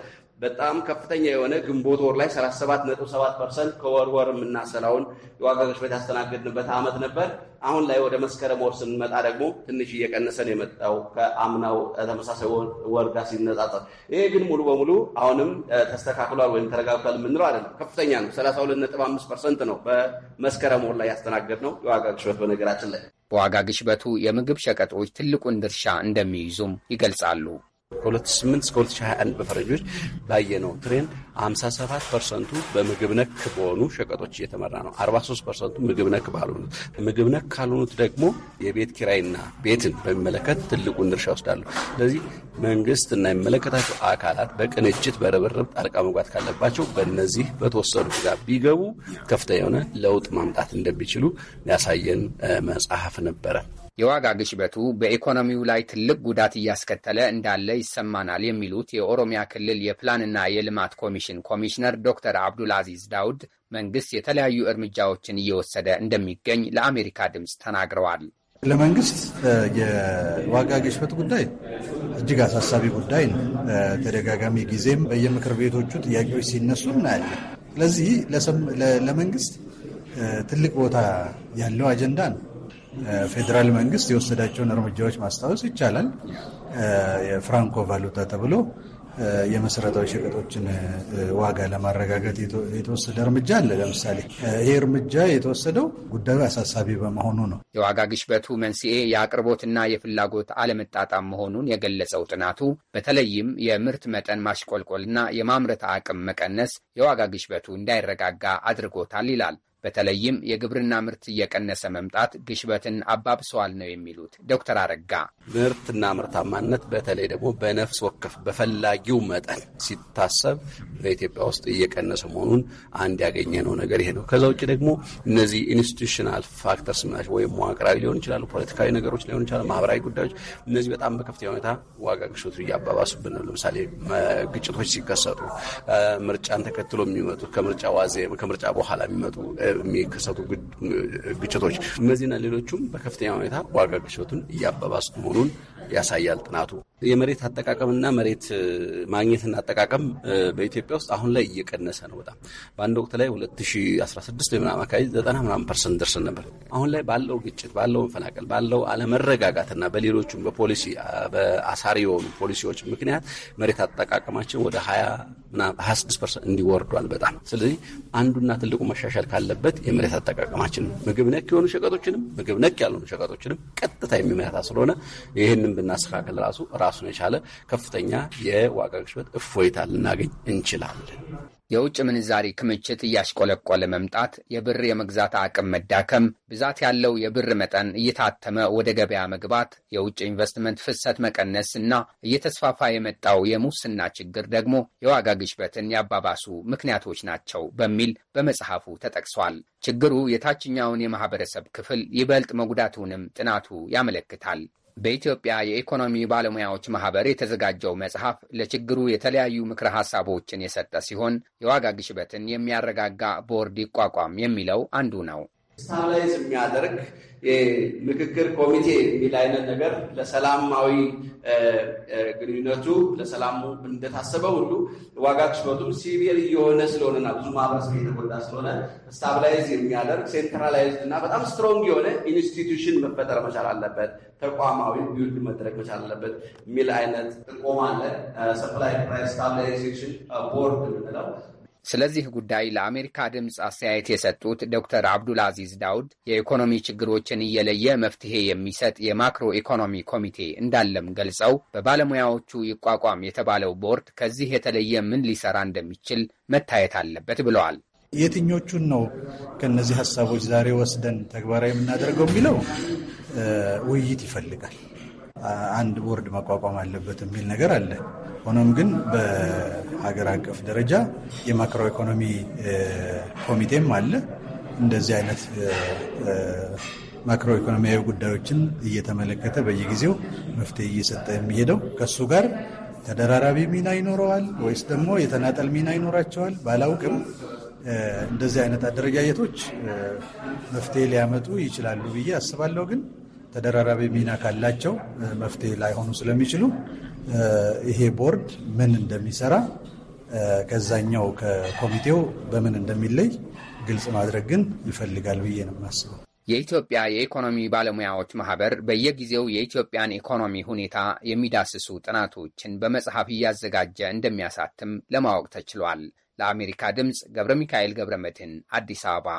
Speaker 14: በጣም ከፍተኛ የሆነ ግንቦት ወር ላይ 37.7 ፐርሰንት ከወር ወር የምናሰላውን የዋጋ ግሽበት ያስተናገድንበት አመት ነበር። አሁን ላይ ወደ መስከረም ወር ስንመጣ ደግሞ ትንሽ እየቀነሰን የመጣው ከአምናው ተመሳሳይ ወር ጋር ሲነጻጸር፣ ይሄ ግን ሙሉ በሙሉ አሁንም ተስተካክሏል ወይም ተረጋግቷል የምንለው አይደለም። ከፍተኛ ነው። 32.5 ፐርሰንት ነው
Speaker 13: በመስከረም ወር ላይ ያስተናገድነው የዋጋ ግሽበት። በነገራችን ላይ በዋጋ ግሽበቱ የምግብ ሸቀጦች ትልቁን ድርሻ እንደሚይዙም ይገልጻሉ። ከ2008 እስከ 2021 በፈረንጆች ባየነው ትሬንድ 57 ፐርሰንቱ
Speaker 14: በምግብ ነክ በሆኑ ሸቀጦች እየተመራ ነው። 43 ፐርሰንቱ ምግብ ነክ ባልሆኑት፣ ምግብ ነክ ካልሆኑት ደግሞ የቤት ኪራይና ቤትን በሚመለከት ትልቁን ድርሻ ይወስዳሉ። ስለዚህ መንግስት እና የሚመለከታቸው አካላት በቅንጅት በርብርብ ጣልቃ መግባት ካለባቸው በእነዚህ
Speaker 13: በተወሰኑት ጋር ቢገቡ ከፍተኛ የሆነ ለውጥ ማምጣት እንደሚችሉ ያሳየን መጽሐፍ ነበረ። የዋጋ ግሽበቱ በኢኮኖሚው ላይ ትልቅ ጉዳት እያስከተለ እንዳለ ይሰማናል የሚሉት የኦሮሚያ ክልል የፕላንና የልማት ኮሚሽን ኮሚሽነር ዶክተር አብዱልአዚዝ ዳውድ መንግስት የተለያዩ እርምጃዎችን እየወሰደ እንደሚገኝ ለአሜሪካ ድምፅ
Speaker 15: ተናግረዋል። ለመንግስት የዋጋ ግሽበት ጉዳይ እጅግ አሳሳቢ ጉዳይ ነው። ተደጋጋሚ ጊዜም በየምክር ቤቶቹ ጥያቄዎች ሲነሱ እናያለን። ስለዚህ ለመንግስት ትልቅ ቦታ ያለው አጀንዳ ነው። ፌዴራል መንግስት የወሰዳቸውን እርምጃዎች ማስታወስ ይቻላል። የፍራንኮ ቫሉታ ተብሎ የመሰረታዊ ሸቀጦችን ዋጋ ለማረጋገጥ የተወሰደ እርምጃ አለ። ለምሳሌ ይህ እርምጃ የተወሰደው ጉዳዩ አሳሳቢ በመሆኑ ነው።
Speaker 13: የዋጋ ግሽበቱ መንስኤ የአቅርቦትና የፍላጎት አለመጣጣም መሆኑን የገለጸው ጥናቱ በተለይም የምርት መጠን ማሽቆልቆልና የማምረት አቅም መቀነስ የዋጋ ግሽበቱ እንዳይረጋጋ አድርጎታል ይላል። በተለይም የግብርና ምርት እየቀነሰ መምጣት ግሽበትን አባብሰዋል ነው የሚሉት ዶክተር አረጋ። ምርትና ምርታማነት በተለይ ደግሞ
Speaker 14: በነፍስ ወከፍ በፈላጊው መጠን ሲታሰብ በኢትዮጵያ ውስጥ እየቀነሰ መሆኑን አንድ ያገኘ ነው ነገር ይሄ ነው። ከዛ ውጭ ደግሞ እነዚህ ኢንስቲቱሽናል ፋክተርስ ወይም መዋቅራዊ ሊሆን ይችላሉ፣ ፖለቲካዊ ነገሮች ሊሆን ይችላሉ፣ ማህበራዊ ጉዳዮች፣ እነዚህ በጣም በከፍተኛ ሁኔታ ዋጋ ግሽበቱ እያባባሱብን ነው። ለምሳሌ ግጭቶች ሲከሰቱ፣ ምርጫን ተከትሎ የሚመጡ ከምርጫ ዋዜ ከምርጫ በኋላ የሚመጡ የሚከሰቱ ግጭቶች እነዚህና ሌሎቹም በከፍተኛ ሁኔታ ዋጋ ግሽበቱን እያባባሱ መሆኑን ያሳያል ጥናቱ። የመሬት አጠቃቀምና መሬት ማግኘትና አጠቃቀም በኢትዮጵያ ውስጥ አሁን ላይ እየቀነሰ ነው በጣም በአንድ ወቅት ላይ 2016 ምናምን አካባቢ 90 ምናምን ፐርሰንት ደርሰን ነበር። አሁን ላይ ባለው ግጭት፣ ባለው መፈናቀል፣ ባለው አለመረጋጋትና በሌሎቹም በፖሊሲ በአሳሪ የሆኑ ፖሊሲዎች ምክንያት መሬት አጠቃቀማችን ወደ 26 ፐርሰንት እንዲወርዷል በጣም ስለዚህ አንዱና ትልቁ መሻሻል ካለ ያለበት የመሬት አጠቃቀማችን ነው። ምግብ ነክ የሆኑ ሸቀጦችንም ምግብ ነክ ያልሆኑ ሸቀጦችንም ቀጥታ የሚመታ ስለሆነ ይህንን ብናስተካከል ራሱ ራሱን የቻለ
Speaker 13: ከፍተኛ የዋጋ ግሽበት እፎይታ ልናገኝ እንችላለን። የውጭ ምንዛሪ ክምችት እያሽቆለቆለ መምጣት፣ የብር የመግዛት አቅም መዳከም፣ ብዛት ያለው የብር መጠን እየታተመ ወደ ገበያ መግባት፣ የውጭ ኢንቨስትመንት ፍሰት መቀነስ እና እየተስፋፋ የመጣው የሙስና ችግር ደግሞ የዋጋ ግሽበትን ያባባሱ ምክንያቶች ናቸው በሚል በመጽሐፉ ተጠቅሷል። ችግሩ የታችኛውን የማህበረሰብ ክፍል ይበልጥ መጉዳቱንም ጥናቱ ያመለክታል። በኢትዮጵያ የኢኮኖሚ ባለሙያዎች ማህበር የተዘጋጀው መጽሐፍ ለችግሩ የተለያዩ ምክረ ሀሳቦችን የሰጠ ሲሆን የዋጋ ግሽበትን የሚያረጋጋ ቦርድ ይቋቋም የሚለው አንዱ ነው። ስታብላይዝ የሚያደርግ
Speaker 14: የምክክር ኮሚቴ የሚል አይነት ነገር ለሰላማዊ ግንኙነቱ ለሰላሙ እንደታሰበ ሁሉ ዋጋ ክሽበቱም ሲቪር እየሆነ ስለሆነና ብዙ ማህበረሰብ የተጎዳ ስለሆነ ስታብላይዝ የሚያደርግ ሴንትራላይዝድ እና በጣም ስትሮንግ የሆነ ኢንስቲትዩሽን መፈጠር መቻል አለበት፣ ተቋማዊ ቢውልድ መደረግ መቻል አለበት የሚል አይነት ጥቆማ አለ። ሰፕላይ ፕራይስ ስታብላይዜሽን ቦርድ የምንለው
Speaker 13: ስለዚህ ጉዳይ ለአሜሪካ ድምፅ አስተያየት የሰጡት ዶክተር አብዱል አዚዝ ዳውድ የኢኮኖሚ ችግሮችን እየለየ መፍትሄ የሚሰጥ የማክሮ ኢኮኖሚ ኮሚቴ እንዳለም ገልጸው በባለሙያዎቹ ይቋቋም የተባለው ቦርድ ከዚህ የተለየ ምን ሊሰራ እንደሚችል መታየት አለበት
Speaker 15: ብለዋል። የትኞቹን ነው ከነዚህ ሀሳቦች ዛሬ ወስደን ተግባራዊ የምናደርገው የሚለው ውይይት ይፈልጋል። አንድ ቦርድ መቋቋም አለበት የሚል ነገር አለ። ሆኖም ግን በሀገር አቀፍ ደረጃ የማክሮ ኢኮኖሚ ኮሚቴም አለ። እንደዚህ አይነት ማክሮ ኢኮኖሚያዊ ጉዳዮችን እየተመለከተ በየጊዜው መፍትሄ እየሰጠ የሚሄደው ከሱ ጋር ተደራራቢ ሚና ይኖረዋል ወይስ ደግሞ የተናጠል ሚና ይኖራቸዋል ባላውቅም እንደዚህ አይነት አደረጃጀቶች መፍትሄ ሊያመጡ ይችላሉ ብዬ አስባለሁ። ግን ተደራራቢ ሚና ካላቸው መፍትሄ ላይሆኑ ስለሚችሉ ይሄ ቦርድ ምን እንደሚሰራ ከዛኛው ከኮሚቴው በምን እንደሚለይ ግልጽ ማድረግ ግን ይፈልጋል ብዬ ነው የማስበው።
Speaker 13: የኢትዮጵያ የኢኮኖሚ ባለሙያዎች ማህበር በየጊዜው የኢትዮጵያን ኢኮኖሚ ሁኔታ የሚዳስሱ ጥናቶችን በመጽሐፍ እያዘጋጀ እንደሚያሳትም ለማወቅ ተችሏል። ለአሜሪካ ድምፅ ገብረ ሚካኤል ገብረ መድህን አዲስ አበባ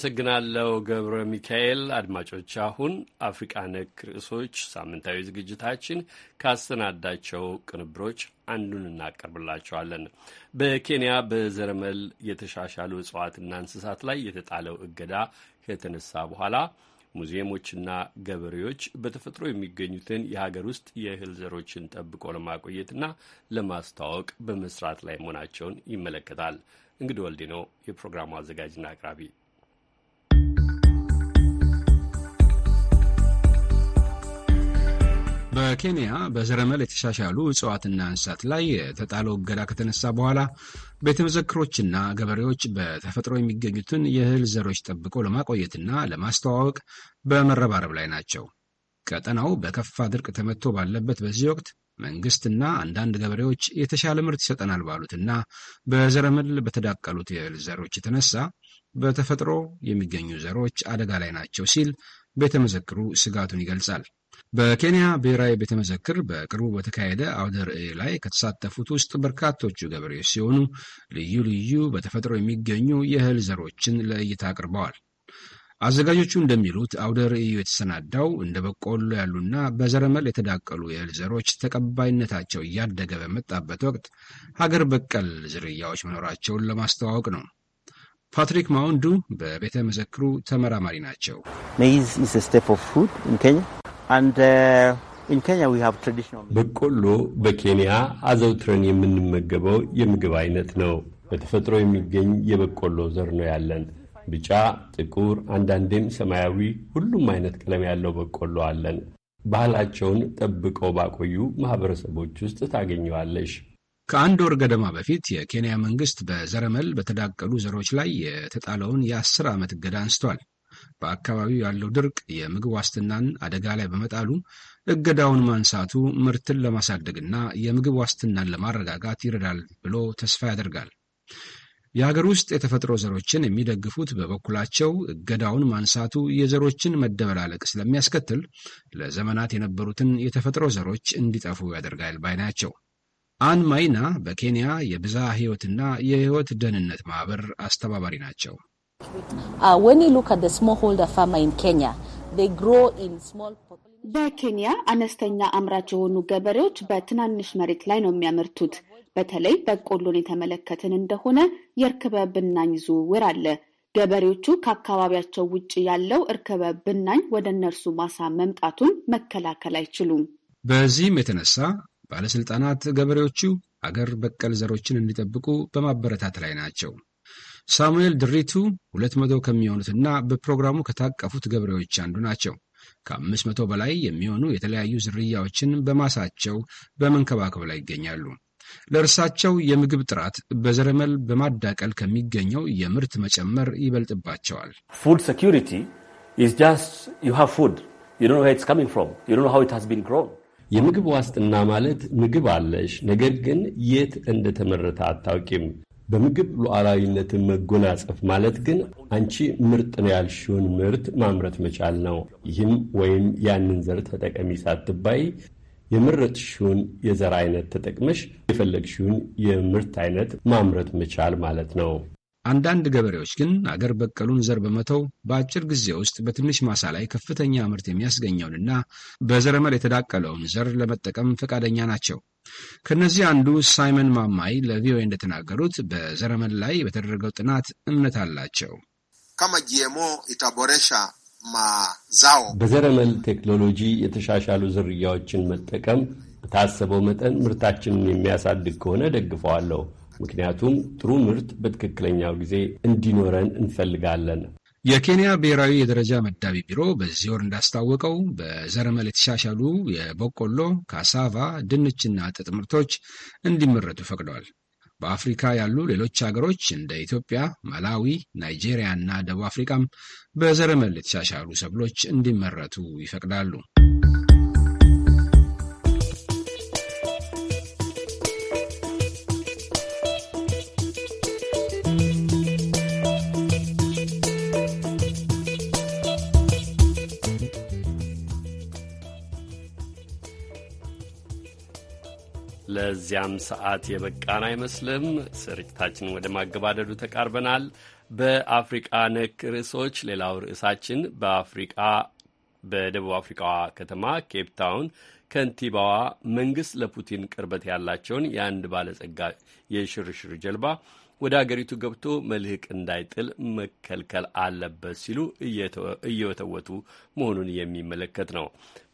Speaker 2: አመሰግናለሁ ገብረ ሚካኤል። አድማጮች አሁን አፍሪቃ ነክ ርዕሶች ሳምንታዊ ዝግጅታችን ካሰናዳቸው ቅንብሮች አንዱን እናቀርብላቸዋለን። በኬንያ በዘረመል የተሻሻሉ እጽዋትና እንስሳት ላይ የተጣለው እገዳ ከተነሳ በኋላ ሙዚየሞችና ገበሬዎች በተፈጥሮ የሚገኙትን የሀገር ውስጥ የእህል ዘሮችን ጠብቆ ለማቆየትና ለማስተዋወቅ በመስራት ላይ መሆናቸውን ይመለከታል። እንግዲህ ወልዴ ነው የፕሮግራሙ አዘጋጅና አቅራቢ።
Speaker 9: በኬንያ በዘረመል የተሻሻሉ እጽዋትና እንስሳት ላይ የተጣለው እገዳ ከተነሳ በኋላ ቤተ መዘክሮችና ገበሬዎች በተፈጥሮ የሚገኙትን የእህል ዘሮች ጠብቆ ለማቆየትና ለማስተዋወቅ በመረባረብ ላይ ናቸው። ቀጠናው በከፋ ድርቅ ተመቶ ባለበት በዚህ ወቅት መንግስትና አንዳንድ ገበሬዎች የተሻለ ምርት ይሰጠናል ባሉትና በዘረመል በተዳቀሉት የእህል ዘሮች የተነሳ በተፈጥሮ የሚገኙ ዘሮች አደጋ ላይ ናቸው ሲል ቤተ መዘክሩ ስጋቱን ይገልጻል። በኬንያ ብሔራዊ ቤተ መዘክር በቅርቡ በተካሄደ አውደ ርዕይ ላይ ከተሳተፉት ውስጥ በርካቶቹ ገበሬዎች ሲሆኑ ልዩ ልዩ በተፈጥሮ የሚገኙ የእህል ዘሮችን ለእይታ አቅርበዋል። አዘጋጆቹ እንደሚሉት አውደ ርዕዩ የተሰናዳው እንደ በቆሎ ያሉና በዘረመል የተዳቀሉ የእህል ዘሮች ተቀባይነታቸው እያደገ በመጣበት ወቅት ሀገር በቀል ዝርያዎች መኖራቸውን ለማስተዋወቅ ነው። ፓትሪክ ማውንዱ በቤተ መዘክሩ ተመራማሪ ናቸው።
Speaker 7: Uh,
Speaker 2: በቆሎ በኬንያ አዘውትረን የምንመገበው የምግብ አይነት ነው። በተፈጥሮ የሚገኝ የበቆሎ ዘር ነው ያለን። ቢጫ፣ ጥቁር፣ አንዳንዴም ሰማያዊ፣ ሁሉም አይነት ቀለም ያለው በቆሎ አለን። ባህላቸውን ጠብቀው ባቆዩ ማህበረሰቦች ውስጥ ታገኘዋለሽ።
Speaker 9: ከአንድ ወር ገደማ በፊት የኬንያ መንግስት በዘረመል በተዳቀሉ ዘሮች ላይ የተጣለውን የአስር ዓመት እገዳ አንስቷል። በአካባቢው ያለው ድርቅ የምግብ ዋስትናን አደጋ ላይ በመጣሉ እገዳውን ማንሳቱ ምርትን ለማሳደግና የምግብ ዋስትናን ለማረጋጋት ይረዳል ብሎ ተስፋ ያደርጋል። የሀገር ውስጥ የተፈጥሮ ዘሮችን የሚደግፉት በበኩላቸው እገዳውን ማንሳቱ የዘሮችን መደበላለቅ ስለሚያስከትል ለዘመናት የነበሩትን የተፈጥሮ ዘሮች እንዲጠፉ ያደርጋል ባይ ናቸው። አን ማይና በኬንያ የብዝሃ ሕይወትና የሕይወት ደህንነት ማህበር አስተባባሪ ናቸው።
Speaker 11: በኬንያ አነስተኛ አምራች የሆኑ ገበሬዎች በትናንሽ መሬት ላይ ነው የሚያመርቱት። በተለይ በቆሎን የተመለከትን እንደሆነ የእርክበ ብናኝ ዝውውር አለ። ገበሬዎቹ ከአካባቢያቸው ውጭ ያለው እርክበ ብናኝ ወደ እነርሱ ማሳ መምጣቱን መከላከል አይችሉም።
Speaker 9: በዚህም የተነሳ ባለስልጣናት ገበሬዎቹ አገር በቀል ዘሮችን እንዲጠብቁ በማበረታት ላይ ናቸው። ሳሙኤል ድሪቱ ሁለት መቶ ከሚሆኑትና በፕሮግራሙ ከታቀፉት ገበሬዎች አንዱ ናቸው። ከአምስት መቶ በላይ የሚሆኑ የተለያዩ ዝርያዎችን በማሳቸው በመንከባከብ ላይ ይገኛሉ። ለእርሳቸው የምግብ ጥራት በዘረመል በማዳቀል ከሚገኘው የምርት መጨመር ይበልጥባቸዋል።
Speaker 2: ፉድ የምግብ ዋስትና ማለት ምግብ አለሽ፣ ነገር ግን የት እንደተመረተ አታውቂም። በምግብ ሉዓላዊነትን መጎናጸፍ ማለት ግን አንቺ ምርጥ ነው ያልሽውን ምርት ማምረት መቻል ነው። ይህም ወይም ያንን ዘር ተጠቀሚ ሳትባይ የመረጥሽውን የዘር አይነት ተጠቅመሽ የፈለግሽውን የምርት አይነት ማምረት መቻል ማለት ነው።
Speaker 9: አንዳንድ ገበሬዎች ግን አገር በቀሉን ዘር በመተው በአጭር ጊዜ ውስጥ በትንሽ ማሳ ላይ ከፍተኛ ምርት የሚያስገኘውንና በዘረመል የተዳቀለውን ዘር ለመጠቀም ፈቃደኛ ናቸው። ከእነዚህ አንዱ ሳይመን ማማይ ለቪኦኤ እንደተናገሩት በዘረመል ላይ በተደረገው ጥናት እምነት አላቸው። ከመጂሞ ኢታቦሬሻ ማዛው
Speaker 2: በዘረመል ቴክኖሎጂ የተሻሻሉ ዝርያዎችን መጠቀም በታሰበው መጠን ምርታችንን የሚያሳድግ ከሆነ ደግፈዋለሁ። ምክንያቱም ጥሩ ምርት በትክክለኛው ጊዜ እንዲኖረን እንፈልጋለን።
Speaker 9: የኬንያ ብሔራዊ የደረጃ መዳቢ ቢሮ በዚህ ወር እንዳስታወቀው በዘረመል የተሻሻሉ የበቆሎ፣ ካሳቫ፣ ድንችና ጥጥ ምርቶች እንዲመረቱ ፈቅደዋል። በአፍሪካ ያሉ ሌሎች ሀገሮች እንደ ኢትዮጵያ፣ ማላዊ፣ ናይጄሪያ እና ደቡብ አፍሪካም በዘረመል የተሻሻሉ ሰብሎች እንዲመረቱ ይፈቅዳሉ።
Speaker 2: ለዚያም ሰዓት የበቃን አይመስልም። ስርጭታችንን ወደ ማገባደዱ ተቃርበናል። በአፍሪቃ ነክ ርዕሶች ሌላው ርዕሳችን በአፍሪቃ በደቡብ አፍሪካዋ ከተማ ኬፕ ታውን ከንቲባዋ መንግስት ለፑቲን ቅርበት ያላቸውን የአንድ ባለጸጋ የሽርሽር ጀልባ ወደ አገሪቱ ገብቶ መልህቅ እንዳይጥል መከልከል አለበት ሲሉ እየወተወቱ መሆኑን የሚመለከት ነው።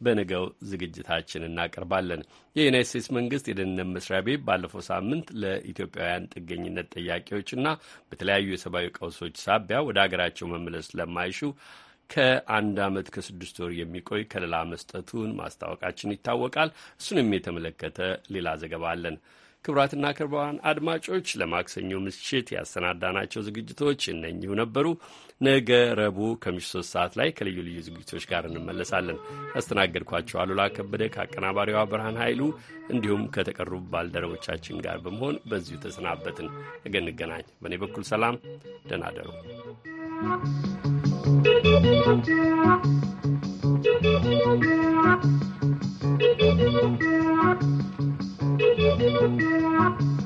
Speaker 2: በነገው ዝግጅታችን እናቀርባለን። የዩናይት ስቴትስ መንግስት የደህንነት መስሪያ ቤት ባለፈው ሳምንት ለኢትዮጵያውያን ጥገኝነት ጥያቄዎችና በተለያዩ የሰብአዊ ቀውሶች ሳቢያ ወደ አገራቸው መመለስ ለማይሹ ከአንድ ዓመት ከስድስት ወር የሚቆይ ከለላ መስጠቱን ማስታወቃችን ይታወቃል። እሱንም የተመለከተ ሌላ ዘገባ አለን። ክቡራትና ክቡራን አድማጮች ለማክሰኞ ምሽት ያሰናዳናቸው ዝግጅቶች እነኚሁ ነበሩ። ነገ ረቡዕ ከምሽቱ ሶስት ሰዓት ላይ ከልዩ ልዩ ዝግጅቶች ጋር እንመለሳለን። ያስተናገድኳቸው አሉላ ከበደ ከአቀናባሪዋ ብርሃን ኃይሉ እንዲሁም ከተቀሩ ባልደረቦቻችን ጋር በመሆን በዚሁ ተሰናበትን። ነገ እንገናኝ። በእኔ በኩል ሰላም፣ ደህና
Speaker 4: you. Música